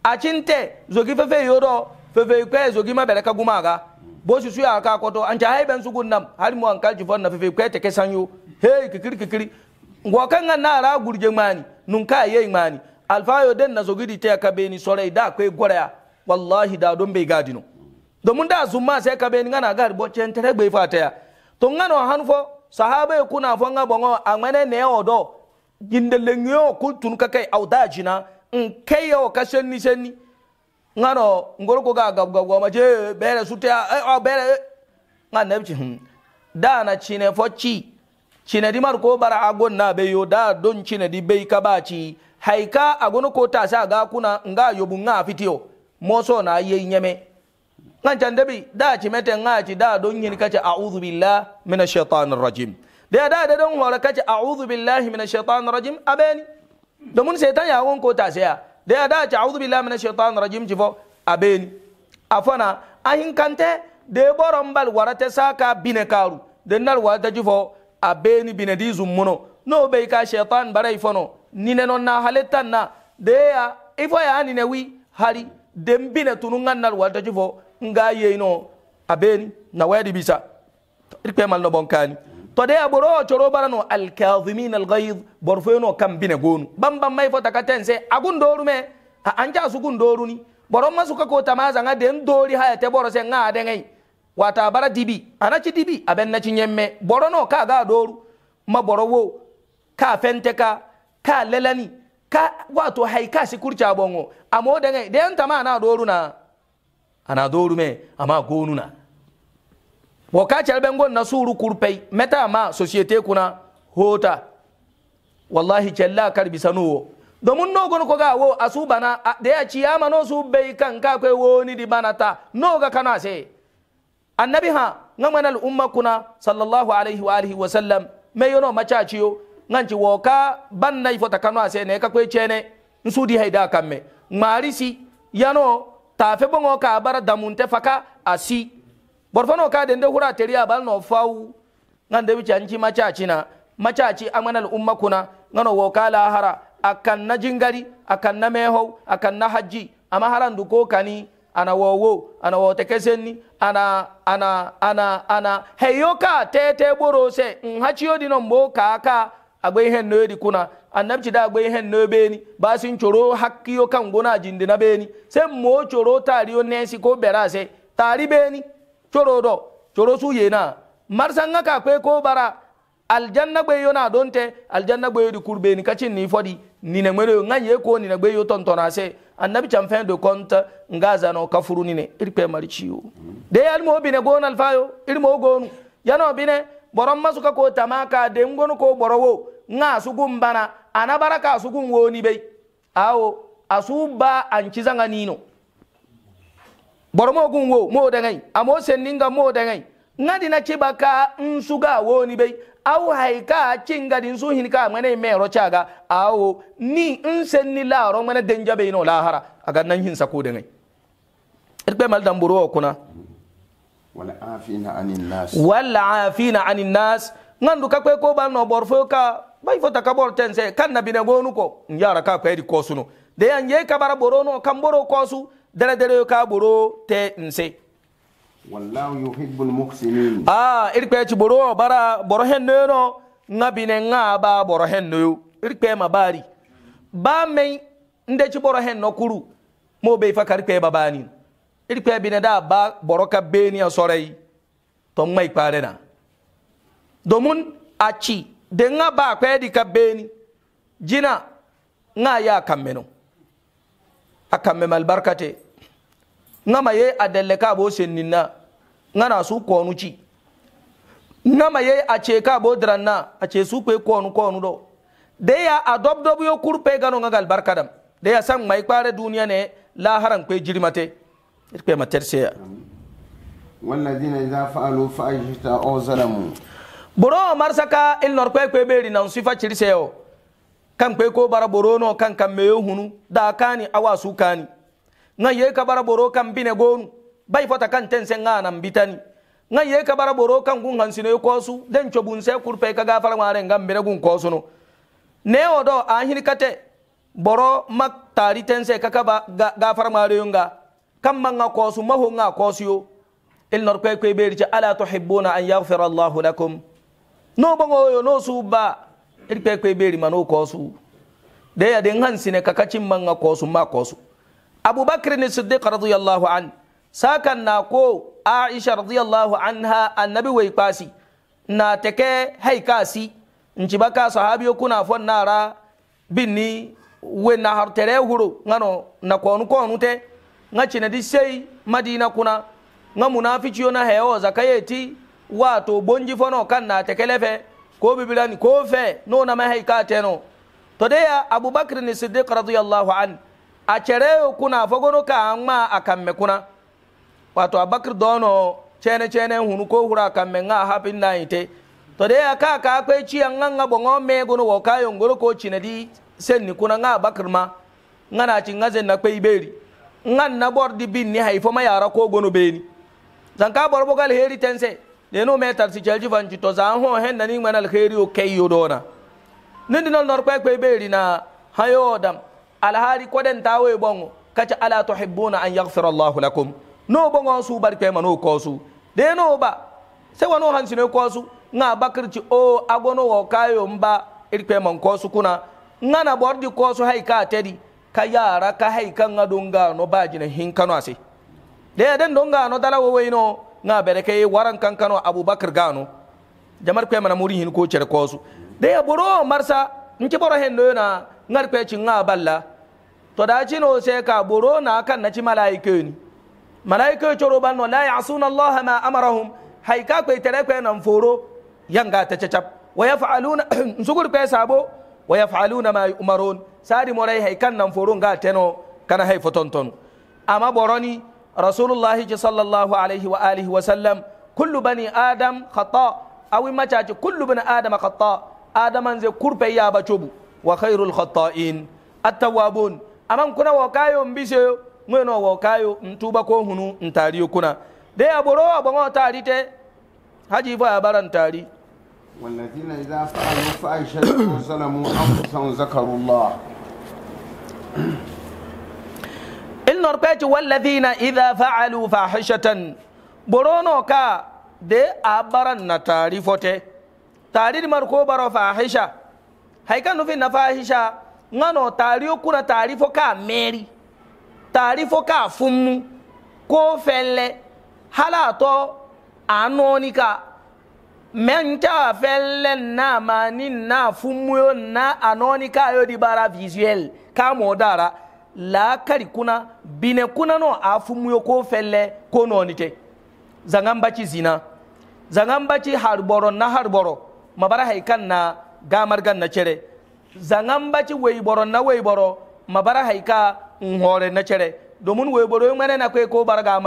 achinte zogi fefe yodo fefe kwe zogi ma bere ka gumaga bo su suya ka koto an ta haiben su gunnam har mu an kalji fonna fefe kwe take sanyo hey kikiri kikiri ngo kan na ra gurje mani nun ka ye mani alfayo den na zogi di te ka beni sore da kwe goraya wallahi da don bai gadino domin da zumma sai ka beni ngana gar bo cen tere gbe fata ya to ngano hanfo sahaba kuna fo nga bongo amene ne odo jindele ngyo kultun ka kai auda jina in kai yo ka shenni shenni ngano ngoro ko ga gab gab ma je bere sute eh, a ah, bere ngan nebci hun. Hmm. da na cine focci chine di mar ko bara agon na be yo da don chine di be ka baci haika agon ko ta sa ga kuna nga yobu nga fitio moso na ye nyeme ngan can debi da ci mete nga ci da don yin kace a'udhu billahi minash shaitanir rajim da da da don hore kace a'udhu billahi minash shaitanir rajim abeni domin setan ya won ko ta saya da ada dace a'udhu billahi minash shaitanir rajim ci fo abeni afana ahin kante de boron bal warate saka bine karu de nal warata ci fo abeni bine di zummuno no be ka shaitan barai fono nine non na halittan na de ya ifo ya ni ne wi hari den bine tununan nal warata ci fo nga yeyno abeni na wadi bisa irpe mal no bonkani to de a ɓoro coro barano alkazimin algayid bor kam bine gonu bam bam mai taka ten se agun me a su doru ni doruni masu ka ko tamasanga den dori te boro se ade ngai wata bara dibi ci dibi aben naci yemme ɓoro no ka ga doru ma boro wo ka fente ka k'a lelani ka wato hay ka sikurca ɓongo amo dengey den tama ana na ana me ama na wo ka calɓe gonna suuru kurpey metama société kuna hota wallahi cella karbisanuwo domin nogon koga wo a su bana da ya ciyama no su bai kan ka kai woni di bana ta noga kana se annabi ha ngaman al umma kuna sallallahu alaihi wa alihi wa sallam me yono machachiyo nganci wo ka banna ifo ta a se ne ka kai chene nsu di haida kamme marisi yano tafe bongo ka bara damunte faka asi borfano ka dende hura teriya bal no fawu ngande bi canci macaci na macaci amanal umma kuna ngano wokala hara akan na jingari akan na meho akan na haji amma haran du ko kani ana wowo ana wote kesenni ana ana ana ana heyoka tete borose in haciyo dinon bo kaka agbe hen kuna annabci da agbe hen no beni basin coro hakkiyo kan gona jindina beni sen mo coro tariyo ko berase tari beni coro do coro su yena marsanga ka kwe ko bara aljanna gbeyo na donte aljanna gbeyo di kurbe ni kacin ni fodi ni nga ye ko ni na gbeyo tontona se annabi cham fin de compte nga zano kafuru ni ne irpe mari ciwo de almo bine gonal fayo irmo gonu yano bine boron masuka ko tamaka de ngonu ko borowo nga sugun bana ana baraka sugun woni bai awo asuba ancizanga nino boromo gun wo mo da ngai amo senninga mo da ngai ngadi na kibaka nsuga woni bei au haika kinga din su hin hinka mane mero chaga au ni nsenni la ro mane denja be no lahara a ka nan hin sako da ngai bɛ mali dan buru kunna. wala afina ani nas wal afina anin nas ngandu kakwe ko ban no borfo ka bai ta ka bor tense kan na bina gonu ko nyara ka di kɔsu nɔ de an ye kabara borono kan boro kosu dare dare ka boro te nse wallahu yuhibbul muhsinin ah irpe ci boro bara boro hen no nga bine nga ba boro hen no irpe ma bari ba mai nde ci boro hen no kuru mo be fa karpe ba bani irpe bine da ba boro ka beni a sorai to mai pare na domin a ci da nga ba kwa di ka beni jina nga ya kammeno akamme malbarkate ngama ye adelle ka bo senninna ngana su konu ci ngama ye ace ka bo dranna ace su kwe konu konu do de ya adobdobu yo kurpe gano ngaga albarka dam de ya san mai kware duniya ne laharan kwe jirmate kwe materse ya wallazina idza fa'alu fa'ajta aw zalamu boro marsaka il nor kwe kwe beri na sifa cirse yo kan kwe ko bara boro no kan kan meyo hunu da kani awa su kani nga ye kabara boro kan bine gonu bai fota kan tense nga nan bitani nga ye kabara boro kan gun hansine yo kosu den chobun se kurpe ka gafara mare ngam bine gun kosu no ne odo a hin kate boro mak tari tense kaka ba gafara mare yunga kan manga kosu maho nga kosu yo il nor kwe kwe beri cha ala tuhibbuna an yaghfira Allah lakum no bango yo no su suba il kwe kwe beri mano kosu de ya den hansine kaka cin manga kosu ma kosu abubakar ne siddiq radiyallahu an sakan na ko aisha radiyallahu anha annabi wai kwasi na teke haikasi nci baka sahabiyo kuna fon nara binni we na hartere huro ngano na konu konu te nga cina di madina kuna nga munafici na heyo zakayeti wato bonji fono kan na tekelefe ko bibilani ko fe no na mai haika teno to dai abubakar ne siddiq radiyallahu anhu a cereyo kuna fogono ka an ma a kamme kuna wato abakar dono cene cene hunu ko hura kamme nga hapin na ite to de aka ka kwe ci an nga bongo me gono wo ka yongoro ko cinadi senni kuna nga abakar ma nga na ci nga zen na kwe iberi nga na bor di bin ni haifo ma yara ko gono beni zan ka bor bogal heri tense de no me tar si celji vanji to zan ho hen na ni manal heri o kayo dona nindi nor kwe kwe iberi na hayo dam alhari koden tawe bongo kaca ala tuhibbuna an yaghfira allahu lakum no bongo su barke mano ko su de no ba se wano hansine kosu nga bakirci o agono wo kayo mba irpe man ko su kuna nga na bordi su hay ka tedi ka yara ka hay kan nga no bajina hin kano ase de den donga no dala wo wayno nga bereke waran kan kano abubakar gano jamar kwe mana muri hin ko cer su de boro marsa nke boro hen no na ngar kwe ci nga balla to da ci no sai ka boro na kan na ci malaike ni malaike coro ban no la ya'suna allaha ma amarahum hay ka kwe tere kwe nan foro yanga ta cacap wa yaf'aluna nsugur kwe sabo wa yaf'aluna ma yu'marun sadi morai hay kan nan foro ga teno kana hay fotonton amma boroni rasulullahi sallallahu alaihi wa alihi wa sallam kullu bani adam khata awi macaci kullu bani adam khata adaman zai kurfe ya bacobu wa khairul khata'in at-tawwabun aman kuna wa wakayo mbise mwenu wakayo ntuba ko hunu ntari kuna de aboro abango tari te haji ba abara ntari walladina idha fa'alu fa'ishatu salamu anfusahum zakarullah innor pechi walladina idha fa'alu fahishatan borono ka de abaran na tari fote tari di marko baro fahisha haika nufi na fahisha ngano tari kuna tari fo ka meri tari fo ka funmu ko felle hala to anoni ka men ta felle na mani na funmu yo na anoni ka yo di bara visuel ka mo dara laakari kuna bine kuna no a funmu yo ko felle ko noni te zangan baci zina zangan baci harboro na harboro mabara haikan na gamar gan na cere zaŋa zangamba ci weigboro na weigboro mabara haika nhore na cere domin weigboro mene na kwe ko barga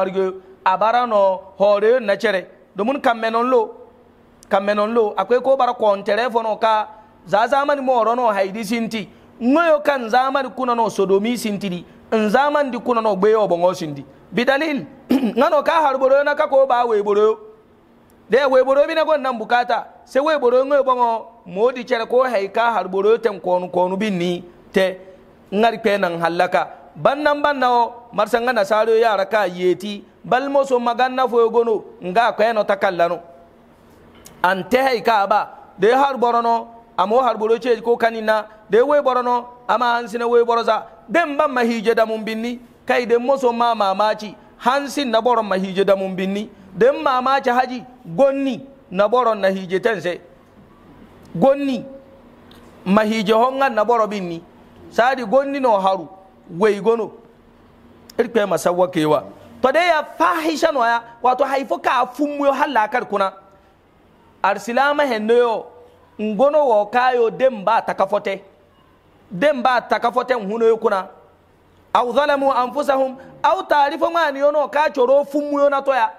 a bara nɔ hore na cere domin kammenon lo kammenon lo akwai ko bara kontere fono ka za zamani moro no haidi sinti ka kan zamani kuna no sodomi sintidi in zamani di kuna no gbe obongo sinti bidalil <clears throat> ngano ka harboro na ka ko ba weigboro de weigboro bi na ko nan bukata se weigboro ngoyo bongo moodi cere ko hay ka har ɓoro ten konu konu bin ni te ŋari kpenan hallaka bannan banna o marsa ŋa nasaro e yara ka yeti balmoso maganna fo gono nga kweno ta kallano ante hay ka ba de har borono amo har boro che ko kanina de we borono ama hansina we boroza dem bam mahije da mun binni kai de moso ma mamaci hansin na boron mahije da mun binni dem mamaci haji gonni na boron na hije tense gonni mahije hongan na boro binni sadi gonni no haru wey gono irkwe masawa kewa to dai ya fahisha no ya wato haifo ka fumu yo halakar kuna arsilama hendo yo ngono wo kayo demba takafote demba takafote huno yo kuna aw zalamu anfusahum aw taarifo ŋaani yono ka coro fummuyo na ya.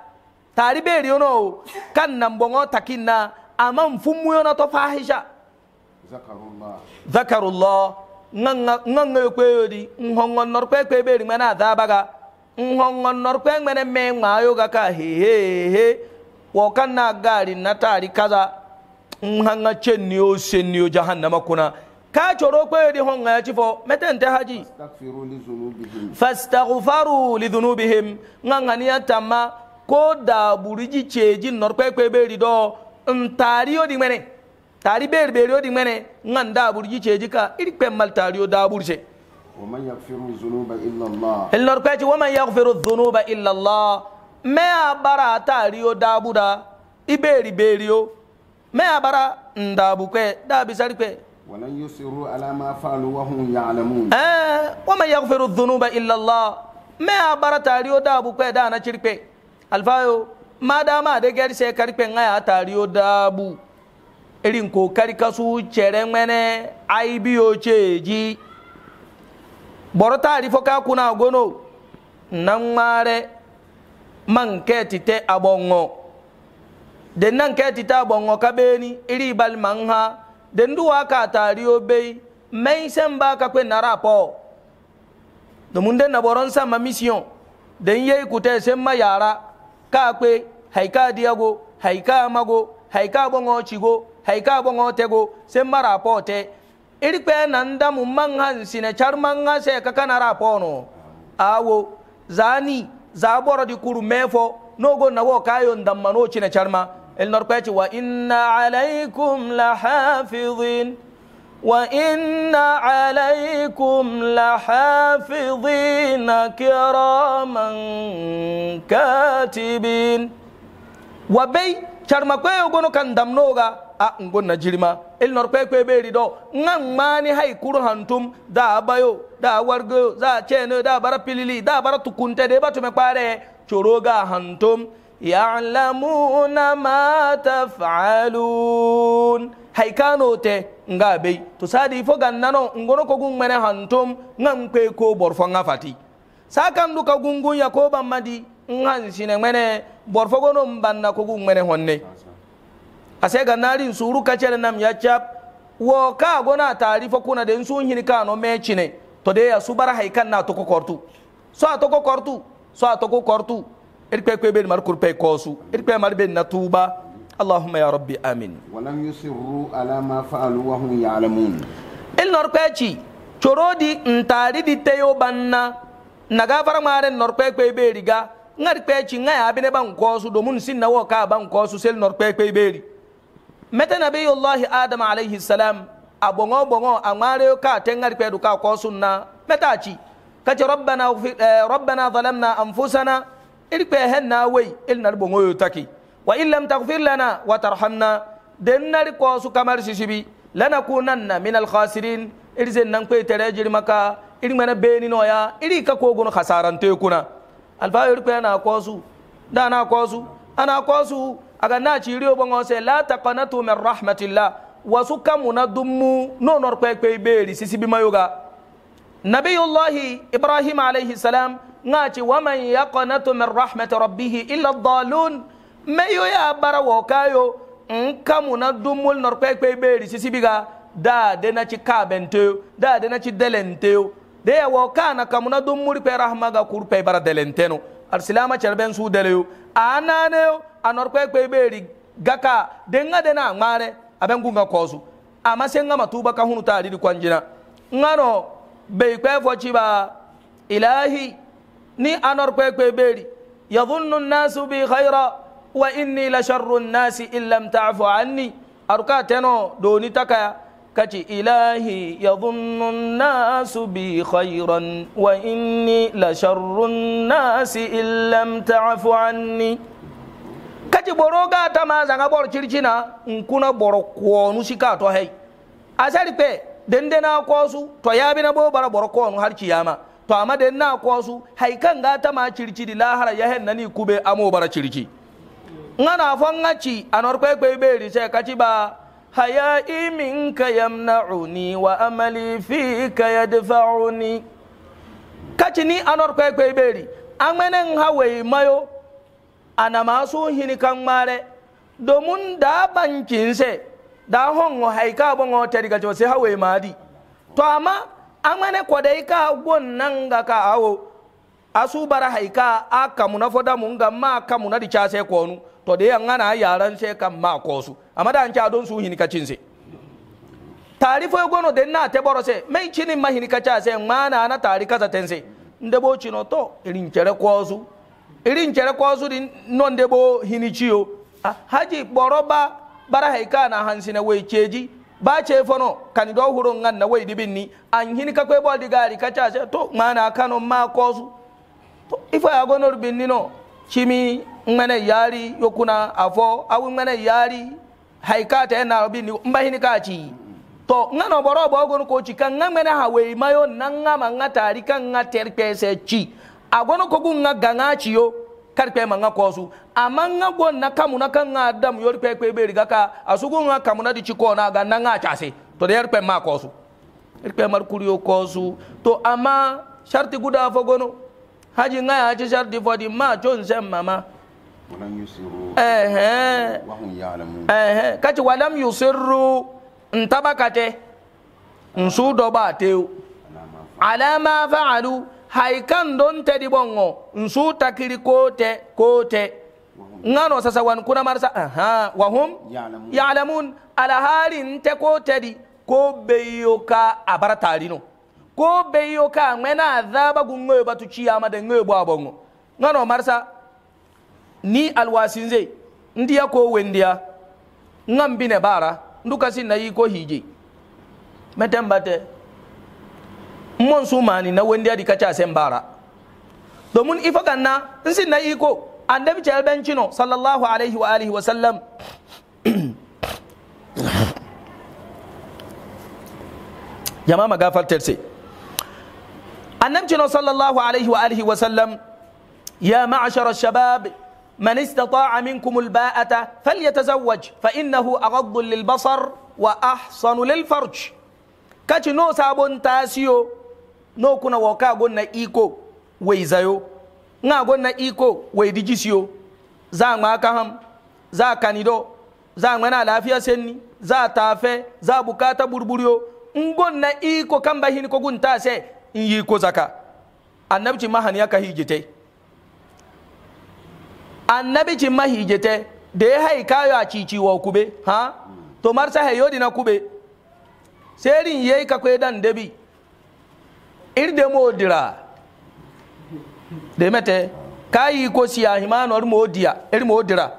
taari beeri yono kan na boŋo takin na a ama mfumuyo to fahisha zakarullah zakarullah nganga yo kweyo di nhongo nor kwe kwe beri mana zabaga nhongo nor kwe mene me ngayo ga ka he he he wo kana gari na tari kaza nhanga ni o ni o jahannama kuna ka coro kweyo di honga ya chifo metente haji fastaghfiru li dhunubihim nganga ni atama ko da buriji cheji nor kwe kwe beri do ntari yo di mene tari beri beri yo di mene ngan dabur ji ce jika iri kwen mal tari yo dabur ce ومن يغفر الذنوب الا الله الله ركعت ومن يغفر الذنوب الا الله ما برا تاريو دابودا iberi beriyo me abara ndabu kwe dabi sari kwe walan yusiru ala ma faalu wa hum ya'lamun eh wa man yaghfiru dhunuba illa Allah me abara tariyo alfayo madama da gɛri sɛ kari kpɛ ŋa ya irin ko kari kasu cɛrɛ ŋmɛnɛ ayi fɔ k'a kunna gono na ŋmaarɛ man kɛ ti tɛ a bɔ den nan kɛ tɛ a bɔ ka beeni iri balima ha den duwa k'a taari o bei mɛn sɛn b'a ka nara domin den na bɔrɔ sama mission den ye ikutɛ sɛn ma kakpe haika diago haika mago haika abongo chigo haika abongo tego se mara pote irikpe na ndamu manga sine char manga se kakana rapono awo zani zaboro di kuru mefo nogo na wo kayo n'o chine charma el norkwechi wa inna alaikum lahafidhin وإن عليكم لحافظين كراما كاتبين وبي charma kwe ugono kan damnoga a ngon na jirma il nor kwe kwe beri do ngang mani hay kuru hantum da abayo da wargo za chene da bara pilili da bara tukunte de batu me kware choroga hantum ya'lamuna ma taf'alun haikano te nga bei to sadi fo gannano ngono ko gun mene hantum ngam kwe ko borfo nga fati sakan duka gungun ya ko ban madi ngan sine mene borfo gono mbanna ko gun mene honne ase gannari suru kacere nam ya chap wo ka gona tarifo kuna den sun hin kano mechine to de ya subara haikan na to ko kortu so a to ko kortu so a to ko kortu irkwe kwe be mar kurpe kosu irkwe mar be na tuba اللهم يا ربي آمين ولم يصروا على ما فعلوا وهم يعلمون النوركوتي chorodi ntari di teyo banna naga faramare norkwekwe beri ga ngari kwechi ngaya abine ban kosu domin sinna wo ka ban kosu sel norkwekwe beri mete nabiyullahi adam alayhi salam abongo bongo amare ka tengari kwedu ka kosu na metachi kace rabbana eh, rabbana zalamna anfusana irkwe henna wai ilnar bongo yo taki وإن لم تغفر لنا وترحمنا دنا لقوس كمار سيسبي لنكونن من الخاسرين إرزن ننكوي تراجر مكا من بيني نويا إريكا كوغن خساران تيكونا الفا الفاير أنا قوسو دانا قوسو أنا قوسو أغنى تشيريو بغوسي لا تقنطوا من رحمة الله وسكمنا دمو نونور كوي كوي بيري سيسبي مايوغا نبي الله إبراهيم عليه السلام ناتي ومن يقنط من رحمة ربه إلا الضالون meyo ya bara wo kayo nkamu na dumul nor kwe kwe beri sisi biga da de na ci kabente da de na ci delente de ya wo kana kamu na dumul kwe rahma ga kur pe bara delenteno arsilama charben su deleyo anane anor kwe kwe beri gaka de nga de na ngare aben gunga kosu amma sai nga matuba ka hunu ta di kwanjina ngano bai kwe fo ci ba ilahi ni anor kwe kwe beri yadhunnu an-nasu bi khaira wa inni la sharrun nasi illam ta'fu anni arka teno doni takaya kaci ilahi yadhunnu nasu bi khairan wa inni la sharrun nasi illam ta'fu anni kaci boro ga tama zanga bor nkuna boro kwonu sika to asari pe na kosu to ya na bo bara boro kwonu har kiyama to amma den na kosu haikan ga ma circi lahara yahen nani kube amo bara circi nga na fɔ nga ci a nɔr kpɛkpɛ beeri sɛ ka ci ba haya i min ka yamna'uni wa amali fi ka yadfa'uni ka ci ni a nɔr kpɛkpɛ beeri a ŋmɛnɛ ha wei mayo a na ma sun hini kan ŋmaarɛ domin da bankin sɛ da hon ho haika bon ho tari gajo sai hawe madi to amma an mene kwadai ka gon nan ga ka awo asu bara haika aka muna foda mun ga ma aka muna di cha to da yan ana yaran sai kan ma ko su amma da an ca don su hin ka cinse tarifo gono den na te boro se mai cini ma hin ka cha se mana na tari kaza tense nde bo cino to irin kere ko su irin kere ko su din non de bo hin ciyo ah, haji boro ba bara haika na hansine wai keji ba ce fano kan do hurun ngan na wai dibin ni an hin ka kwe bol digari ka cha to mana kano ma ko su to ifa ya gonor bin ni no chimi ŋmɛnɛ yaari yokuna a fɔ awi ŋmɛnɛ yaari haika tɛ na bi ni n bahini k'a ci tɔ n ka na bɔrɔ bɔ gɔni k'o ci ka n ka ŋmɛnɛ hawe ma yo na n ka ma n ka taari ka n ka tɛri kpɛsɛ ci a gɔni ko ko n ka ganga ci yo kari kpɛ ma n ka a ma n gɔ na kamuna ka n ka damu yori kpɛ kpɛ beri ka ka a sugu n ka kamuna di ci kɔ na ga na n ka tɔ de yɛri kpɛ ma kɔsu yɛri kpɛ mari kuri yo kɔsu to a ma sariti guda fɔ gɔno haji n ka y'a ci sariti fɔ di ma co n mama. kati walam yusirru ntabakate nsu dɔba tew alama fa'alu haikan don tedi bongo nsu takiri kote kote ngano sasa wan kuna marsa aha wahum ya'lamun alahali nte kotedi ko beyoka abara tarino ko beyoka ngwena adhaba gungoyo batu chiyama de ngoyo bwa bongo ngano marsa ni alwasinze ndiya ko wendiya ngam bine bara ndukasi na yi ko hije meten bate mon sumani na wendiya di kacha sem bara domin ifa ganna nsin na yi ko annabi cel ben sallallahu alaihi wa alihi wa sallam jama <clears throat> magafar terse annabi cino sallallahu alaihi wa alihi wa sallam ya ma'ashara shabab من استطاع منكم الباءة فليتزوج فإنه أغض للبصر وأحصن للفرج كاتي نو سابون تاسيو نو كنا وكا قلنا إيكو ويزايو نا قلنا إيكو ويدجيسيو زان ما كهم زا كانيدو زان منا لافيا سني زا تافي زا بكاتا بربوريو نقلنا إيكو كم بهينكو قلنا تاسي إيكو زكا النبي مهن يكا هيجتي annabi cin mahijete da ya hai kayo a ciciwa kube ha to marsa hayo na kube serin yayi ka kwe dan debi irde modira de mete kayi ko siya himan or modia ir er modira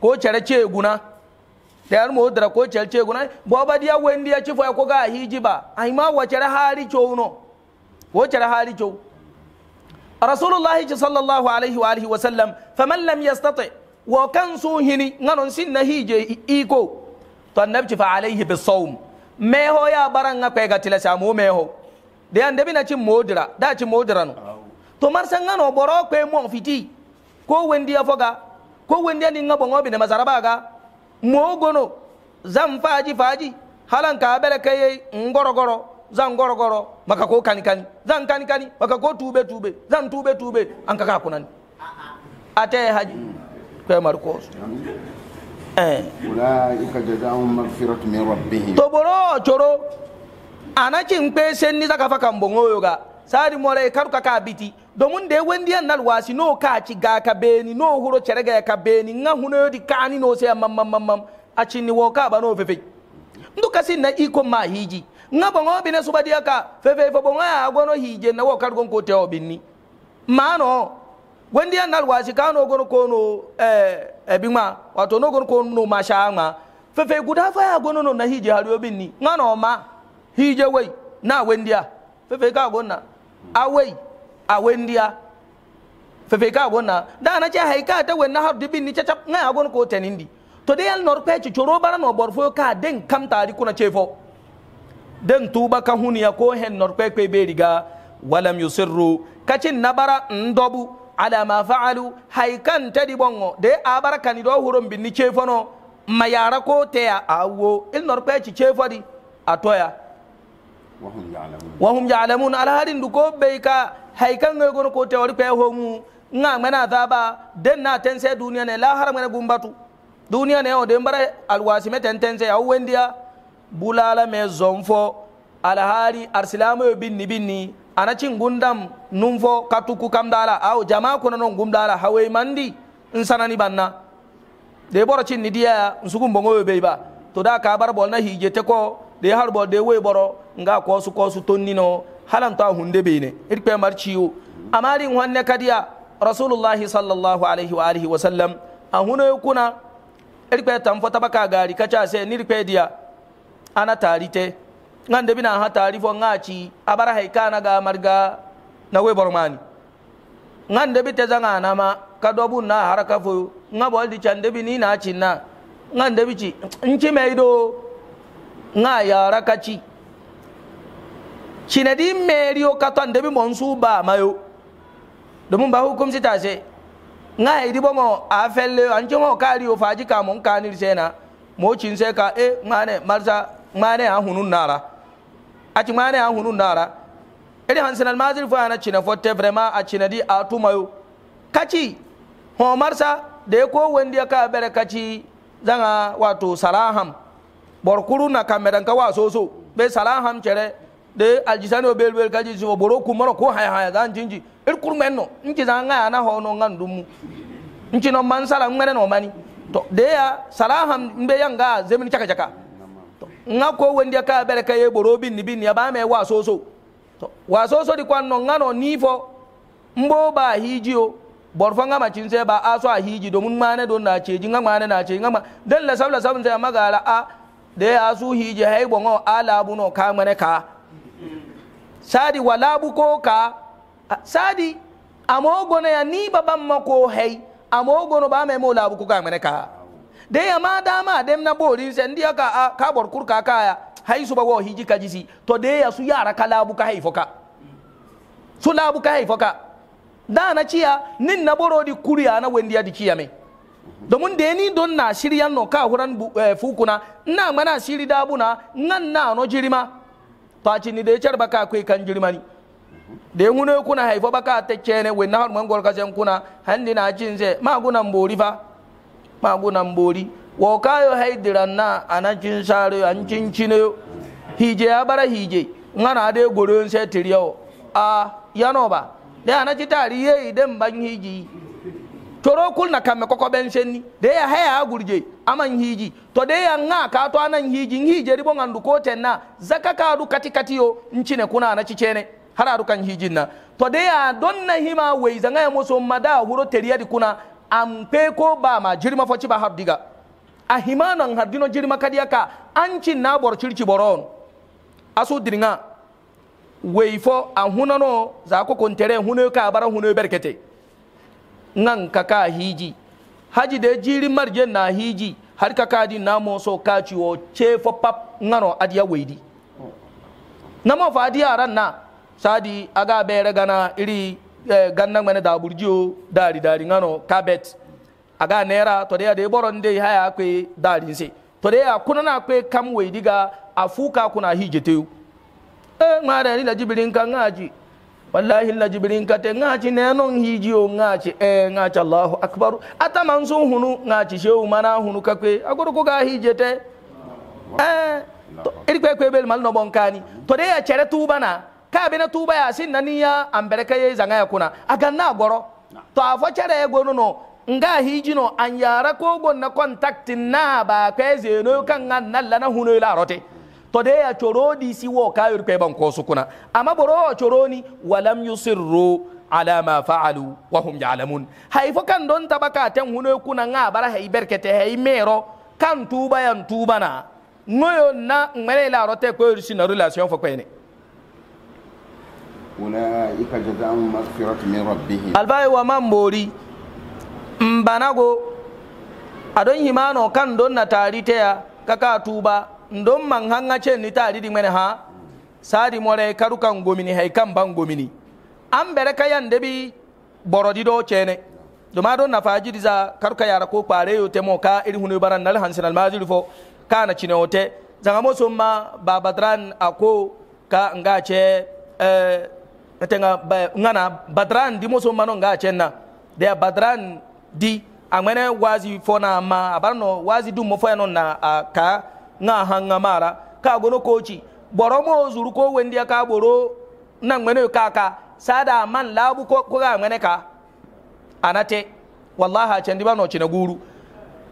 ko chere ce guna da yar modira ko chere ce guna bo ba dia wendi ya cifo ya ko ga hijiba ahima wa chere hari chouno wo chere hari chou rasulillah sallallahu alaihi wa alaihi wa salam fana lamya sata wakan sun shi ne zan yi suna hiji aiko. tun na fitafana alaihi bisawu meho ya baranga ga ka cila sa mu meho den yadda bina ci mu dira ko wani ɗan yi ma ko wani ɗan yi ma ko wani ko wani ɗan ko wani ɗan yi ma ko wani ɗan yi ma ko wani ɗan yi ma ko wani ɗan yi ma ko maka ko kani kani zan kani kani maka ko tube tube zan tube tube an kaka kunani ate haji kai marko eh ulaika jazaa'uhum maghfiratun min rabbihim to boro choro anachi mpe senni zaka faka mbongo ga. sari more karu k'a biti domin da wanda yan nalwasi no ka ci ga ka beni no huro cerega ka beni nga huno di kani no sai mamam mamam a cinni wo ka ba no fefe nduka sin na iko ma hiji. nga bongo bine subadiya ka fefe fo bongo ya gono hije na wo kargon ko tewo binni mano wendi ya nal wasi kano gono kono eh e eh, bima wato no gono ko no masha ma fefe guda fa ya gono no na hije hariyo binni nga no ma hije wei na wendi ya fefe ka gonna awei a wendi ya fefe ka gonna da na ce haika ta wenna har dibin ni chachap nga gono ko tenindi to de yal nor pe choro bara no borfo ka den kam tari kuna chefo den tuba ka huniya ko hen nor kwe kwe beriga walam yusirru kacin nabara ndobu ala ma fa'alu haikan tadi bongo de abara kan do huron binni chefono mayara ko teya awo il nor kwe ci chefodi atoya wahum ya'lamun ala hadin ko beika haikan ngo ko tewori kwe homu nga mana zaba den na tense duniya ne la haram ne gumbatu duniya ne o de mbare alwasi meten tense ya bulala me zonfo alhari arsilamu yo binni binni anacin gundam numfo katuku kamdala au jama kuna non gumdala hawe mandi insanani banna de boro ni diya nsugun bongo yo beiba to da ka bar bolna hije te ko de har bol de we boro nga ko su ko su tonnino halan ta hunde bene irpe mar amari wanne kadiya rasulullah sallallahu alaihi wa alihi wa sallam a huno kuna irpe tan tabaka gari kacha se nirpe diya ana tarite ngan debi na ha tarifo ngaci abara haikana ga marga na we bormani ngan debi te zanga na ma ka dobu na haraka fo nga bol di chan debi ni na cin na ngan debi ci nci meido nga yara kaci cinadi meriyo katon debi monsu ba mayo domin ba hukumci ta se nga idi bongo a felle an cingo kari o faji ka mon kanir sena mo cin se ka e eh, ngane marsa mane a hunun nara aci mane a hunun nara iri hansin almazir fo ana cina fotte vraiment a cina di a tumayo kaci homarsa da ya ko wendi ka bere kaci zanga wato salaham borkuru na kameran ka wa soso be salaham cere da aljisano bel bel kaji so boro kumaro ko haya haya zan jinji ir kurmenno nci zanga na hono ngan dumu nci no man sala ngene no mani to de ya salaham mbe yanga zemin chaka chaka nga ko wendi ka bere ka ye boro bin bin ya ba me wa so, wa so soso di kwanno nga no nifo mbo ba o, borfo nga macin sai ba aso a hiji domin mane do na ceji nga mane na ceji nga ma dan la sabla sabun sai magala a da ya asu hiji hay bongo ala buno ka mane ka sadi wala bu ko ka sadi amogo na ya ni baban mako hay amogo no ba me mo labu ko ka mane ka de ya ma dama dem na bori se ndi aka ka bor kur ka kaya hai su ba wo hiji ka jisi to de ya su yara kala bu ka haifoka su labu ka haifoka da na ciya nin na boro di kuriya na wendiya di ciya me domin da ni don na shirya no ka huran eh, fukuna na mana shiri dabuna nan na no jirima a ci ni da ya carba ka kai kan jirima ni da yin kuna haifo baka ta cene wani har mangol kuna handi na cin se ma gunan fa magunan bori wo kayo haidiran na anakin sare an cincine hije ya bara hije ngana de goron se tiriyo a yano ba de anaci tari ye idan ban hiji toro kul na kamme koko ben senni de ya haya gurje aman hiji to de ya nga ka to anan hiji hije ribo ngandu ko tenna zaka ka du kati kati yo ncine kuna anaci cene har arukan hijin na to de ya donna hima wei zanga ya muso mada huro teriya di kuna an ko ba ma jirma fo ciba hardiga a himanan hardino jirma kadiya ka an cin na bor circi boron aso dirnga weifo fo a hunano za ko kontere huno ka bara huno berkete nan ka ka hiji haji de jiri marje na hiji har ka ka di namo so ka ciwo ce fo pap ngano adiya weidi namo fa adiya ran na sadi aga bere gana iri Eh, ganna ngmane da burji o dari dari ngano kabet aga nera to de de boron de haya kwe dari se to de ya kuna na kwe kam we diga afuka kuna hijete e eh, ngare ni la jibirin kan ngaji walahi la jibirin ka te ngaji ne hi hiji o ngaji e eh, ngaji allahu akbar ata manzo hunu ngaji shehu mana hunu kakwe agoro ko ga hijete e iri kwe kwe bel mal no bonkani to de ya chere tuba na kabina tuba ya sin naniya ambereka ye zanga ya kuna na goro to afo chere ye gonu no nga hiji no an yara ko na contact na ba kweze no kan nan nalla na hunu ila rote to de ya choro di si wo ka yur kwe ban ko kuna amma boro choro ni walam yusirru ala ma fa'alu wa hum ya'lamun haifo kan don tabaka tan hunu kuna nga bara hay berkete hay mero kan tuba yan tuba na ngoyo na ngmere la rote ko yur si na relation fo ne. ulaika jazaa'uhum maghfiratun min rabbihim albai wa man bori mbanago adon himano kan don na tari teya kaka tuba ndon man hanga cen ni tari di mene ha sadi more karukan gomini hay kan ban gomini an bere kayan debi borodi do cene don na faji diza karuka yara ko kware yo temo ka iri hunu baran nal hansin almajiri fo kana cine ote zanga mo somma babadran ako ka nga eh, tenga ngana badran di moso mano nga chenna de badran di amene wazi fona ma abano wazi du mo fona na ka nga hanga mara ka gono kochi boro mo zuru ko wendi aka boro na ngene ka ka sada man labu ko ko ga ka anate wallahi chendi bano chine guru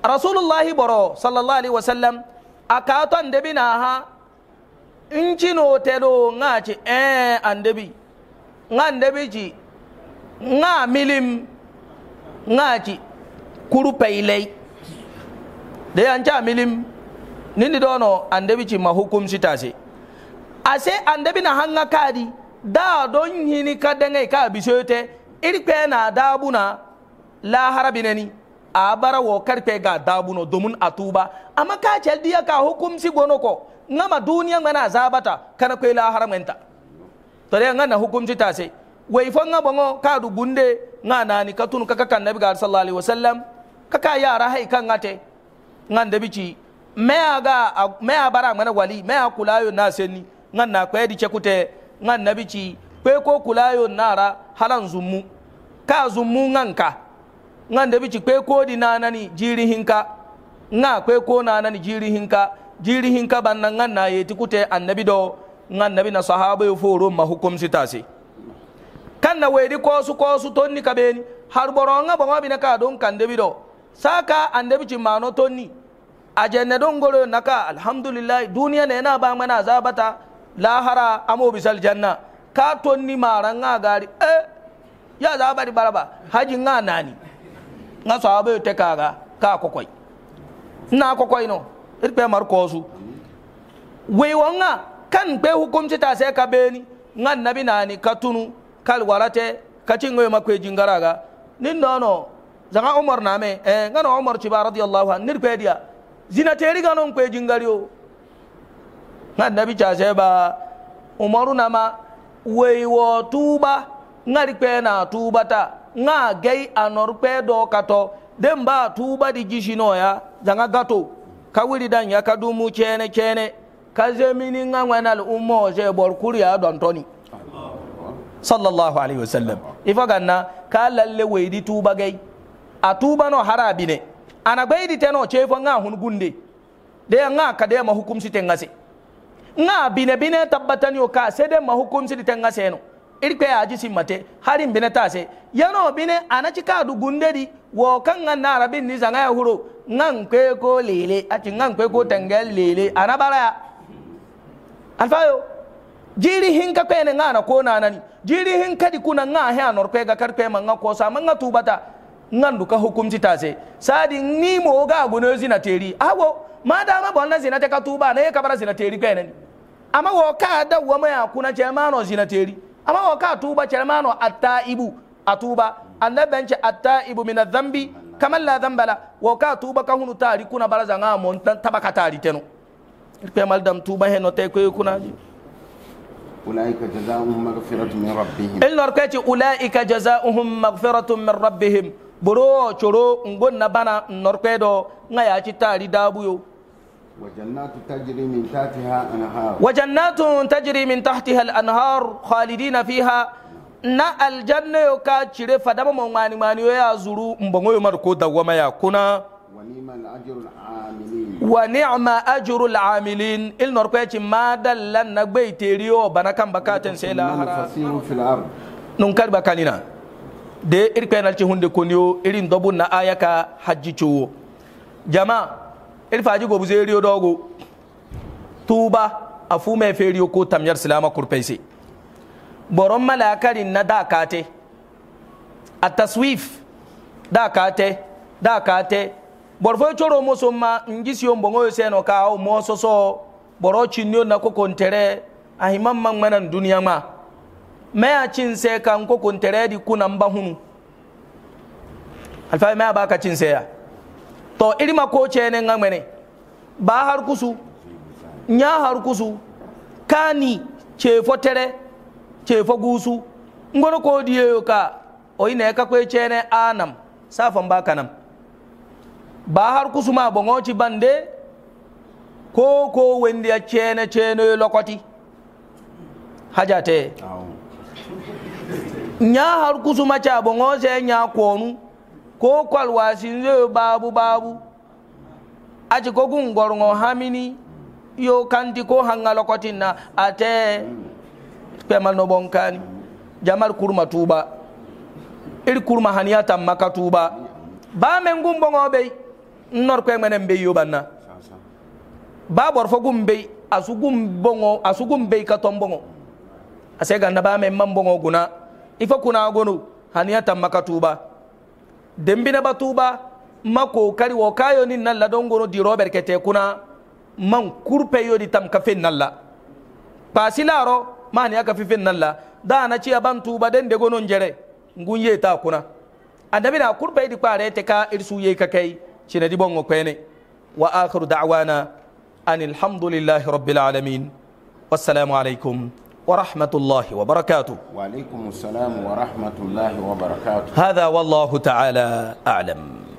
rasulullahi boro sallallahu alaihi wasallam aka to debi na ha inchi no telo nga chi eh andebi nga ndebi ci nga milim nga ji kuru peilei de anja milim nini dono andebi ci mahukum sitase ase andebi na hanga kadi da don hini ka denge ka bisote irkwe na dabuna la harabinani a bara wo karfe ga dabuno domin a tuba amma ka cel diya ka hukumsi gono ko ngama duniya ngana zabata kana kwela haramenta tare nga na hukumci sai wai fa nga bongo ka du gunde na ni ka tun ka kan nabi gar sallallahu alaihi wasallam kaka yara hai kan ngate nga da bici me aga me abara mana wali me akulayo na seni nga na kwa di chekute nga na bici kwe ko kulayo nara halan zummu ka zummu nganka nga da bici kwe ko di ni jiri hinka nga kwe ko ni jiri hinka jiri hinka nan nga na yeti kute annabi do nga nabi na sahaba yo furu ma hukum sitasi kan na wedi kosu kosu tonni kabeni har boro nga bama bina ka don kan debi do saka an debi mano tonni a janna don goro naka alhamdulillah duniya ne na ba mana zabata lahara amo bisal janna ka tonni maran nga gari eh ya zabari baraba haji nga nani nga sahaba yo te kaga ka kokoi na kokoi no irpe mar kosu wewa nga kan kpe hukumci ta sai ka beni ngan nabi nani ka tunu kal warate ka cingoyo makwe jingaraga nin nono zaga umar name eh ngano umar ciba radiyallahu an nir kwedia zina teri ganon kwe jingariyo ngan nabi ta sai ba umaru na nama weiwo tuba ngari kwe na tuba ta nga gai anor kwe do kato den ba tuba di gishino ya zanga gato ka wuri dan ya ka dumu cene cene kazemini nga ngwena al'umma oje bor kuriya don toni sallallahu alaihi wasallam ifa ganna ka lalle weidi tuba gai a tuba no harabi ne ana gbaidi teno chefo nga hun gunde de nga ka de ma hukum site ngase nga bine bine tabbatani o ka sede ma hukum site ngase no irke aji simmate harin bine ta tase yano bine anachi ka du gunde di wo kan nga na arabin ni zanga ya huro nga nkwe ko lele achi nga nkwe ko tengel lele anabara ya alfayo jiri hin ka kwene ngana ko nanani jiri hin kadi kuna nga he anor kwe ga kar kwe manga ko sa manga tubata ngandu duka hukumci tase sadi ni mo ga gono zina teri awo madama bonna zina te ka tuba ne ka bara zina teri kwene ni amma wo ka da wo ma kuna cermano zina teri amma wo ka tuba cermano ataibu atuba annabanci attaibu min adh-dhanbi kama la dhanbala wo ka tuba ka hunu tari kuna bara zanga mon tabaka tari teno kwe mal dam tuba he no te kwe kunaji ulaika jazaohum magfiratun min rabbihim il nor kwe ci ulaika jazaohum magfiratun min rabbihim boro coro ngon na bana nor kwe do nga ya ci tari dabu yo وجنات تجري من تحتها انهار وجنات تجري من تحتها الانهار خالدين فيها na aljanna yo ka cire fadama mo ngani ngani zuru mbongo ko dawama ya wa ni'ma ajru al-amilin il nor ko ci madalla na gbe teriyo bana kan bakaten sai la hara nun kar bakanina de irpe na ci hunde koniyo irin dobu na ayaka hajji ciwo jama irfaji gobu zai riyo dogo tuba afu mai feriyo ko tamyar silama kurfaisi boron malakarin na dakate a taswif dakate dakate borfo e choro moso ma ngisi yo mbongo yose no ka o moso so boro chinyo na koko ntere ahimam man manan duniya ma me a chinse ka koko ntere di kuna mba hunu alfa me ba ka chinse ya to iri ma ko chene ngamene ba har kusu nya har kusu kani chefo tere chefo gusu ngoro ko di yo ka oyine ka ko chene anam safan ba kanam ba har kusuma bango ci bande ko ko wendi a cene cene lokoti hajate nya har kusuma cha bango se nya konu ko kwal wasi babu babu aji ko gun gorngo hamini yo kanti ko hanga lokoti na ate pemal no bonkani jamal kurma tuba il kurma haniyata makatuba ba men gumbo ngobe nnor kwe ngene mbe yo banna ba bor fo gumbe asu gumbongo asu gumbe ka tombongo ase ganna ba me mambongo guna ifa kuna gonu haniya tamaka tuba dembine batuba mako kari wo kayo ni nalla dongono di rober kete kuna man kurpe yo di tam kafe nalla pasilaro mani aka fife nalla da na ci aban tuba den de gonon jere ngunye ta kuna annabi na kurpe di kware te ka irsu ye ka kai شنو دي بونغو كويني واخر دعوانا ان الحمد لله رب العالمين والسلام عليكم ورحمه الله وبركاته وعليكم السلام ورحمه الله وبركاته هذا والله تعالى اعلم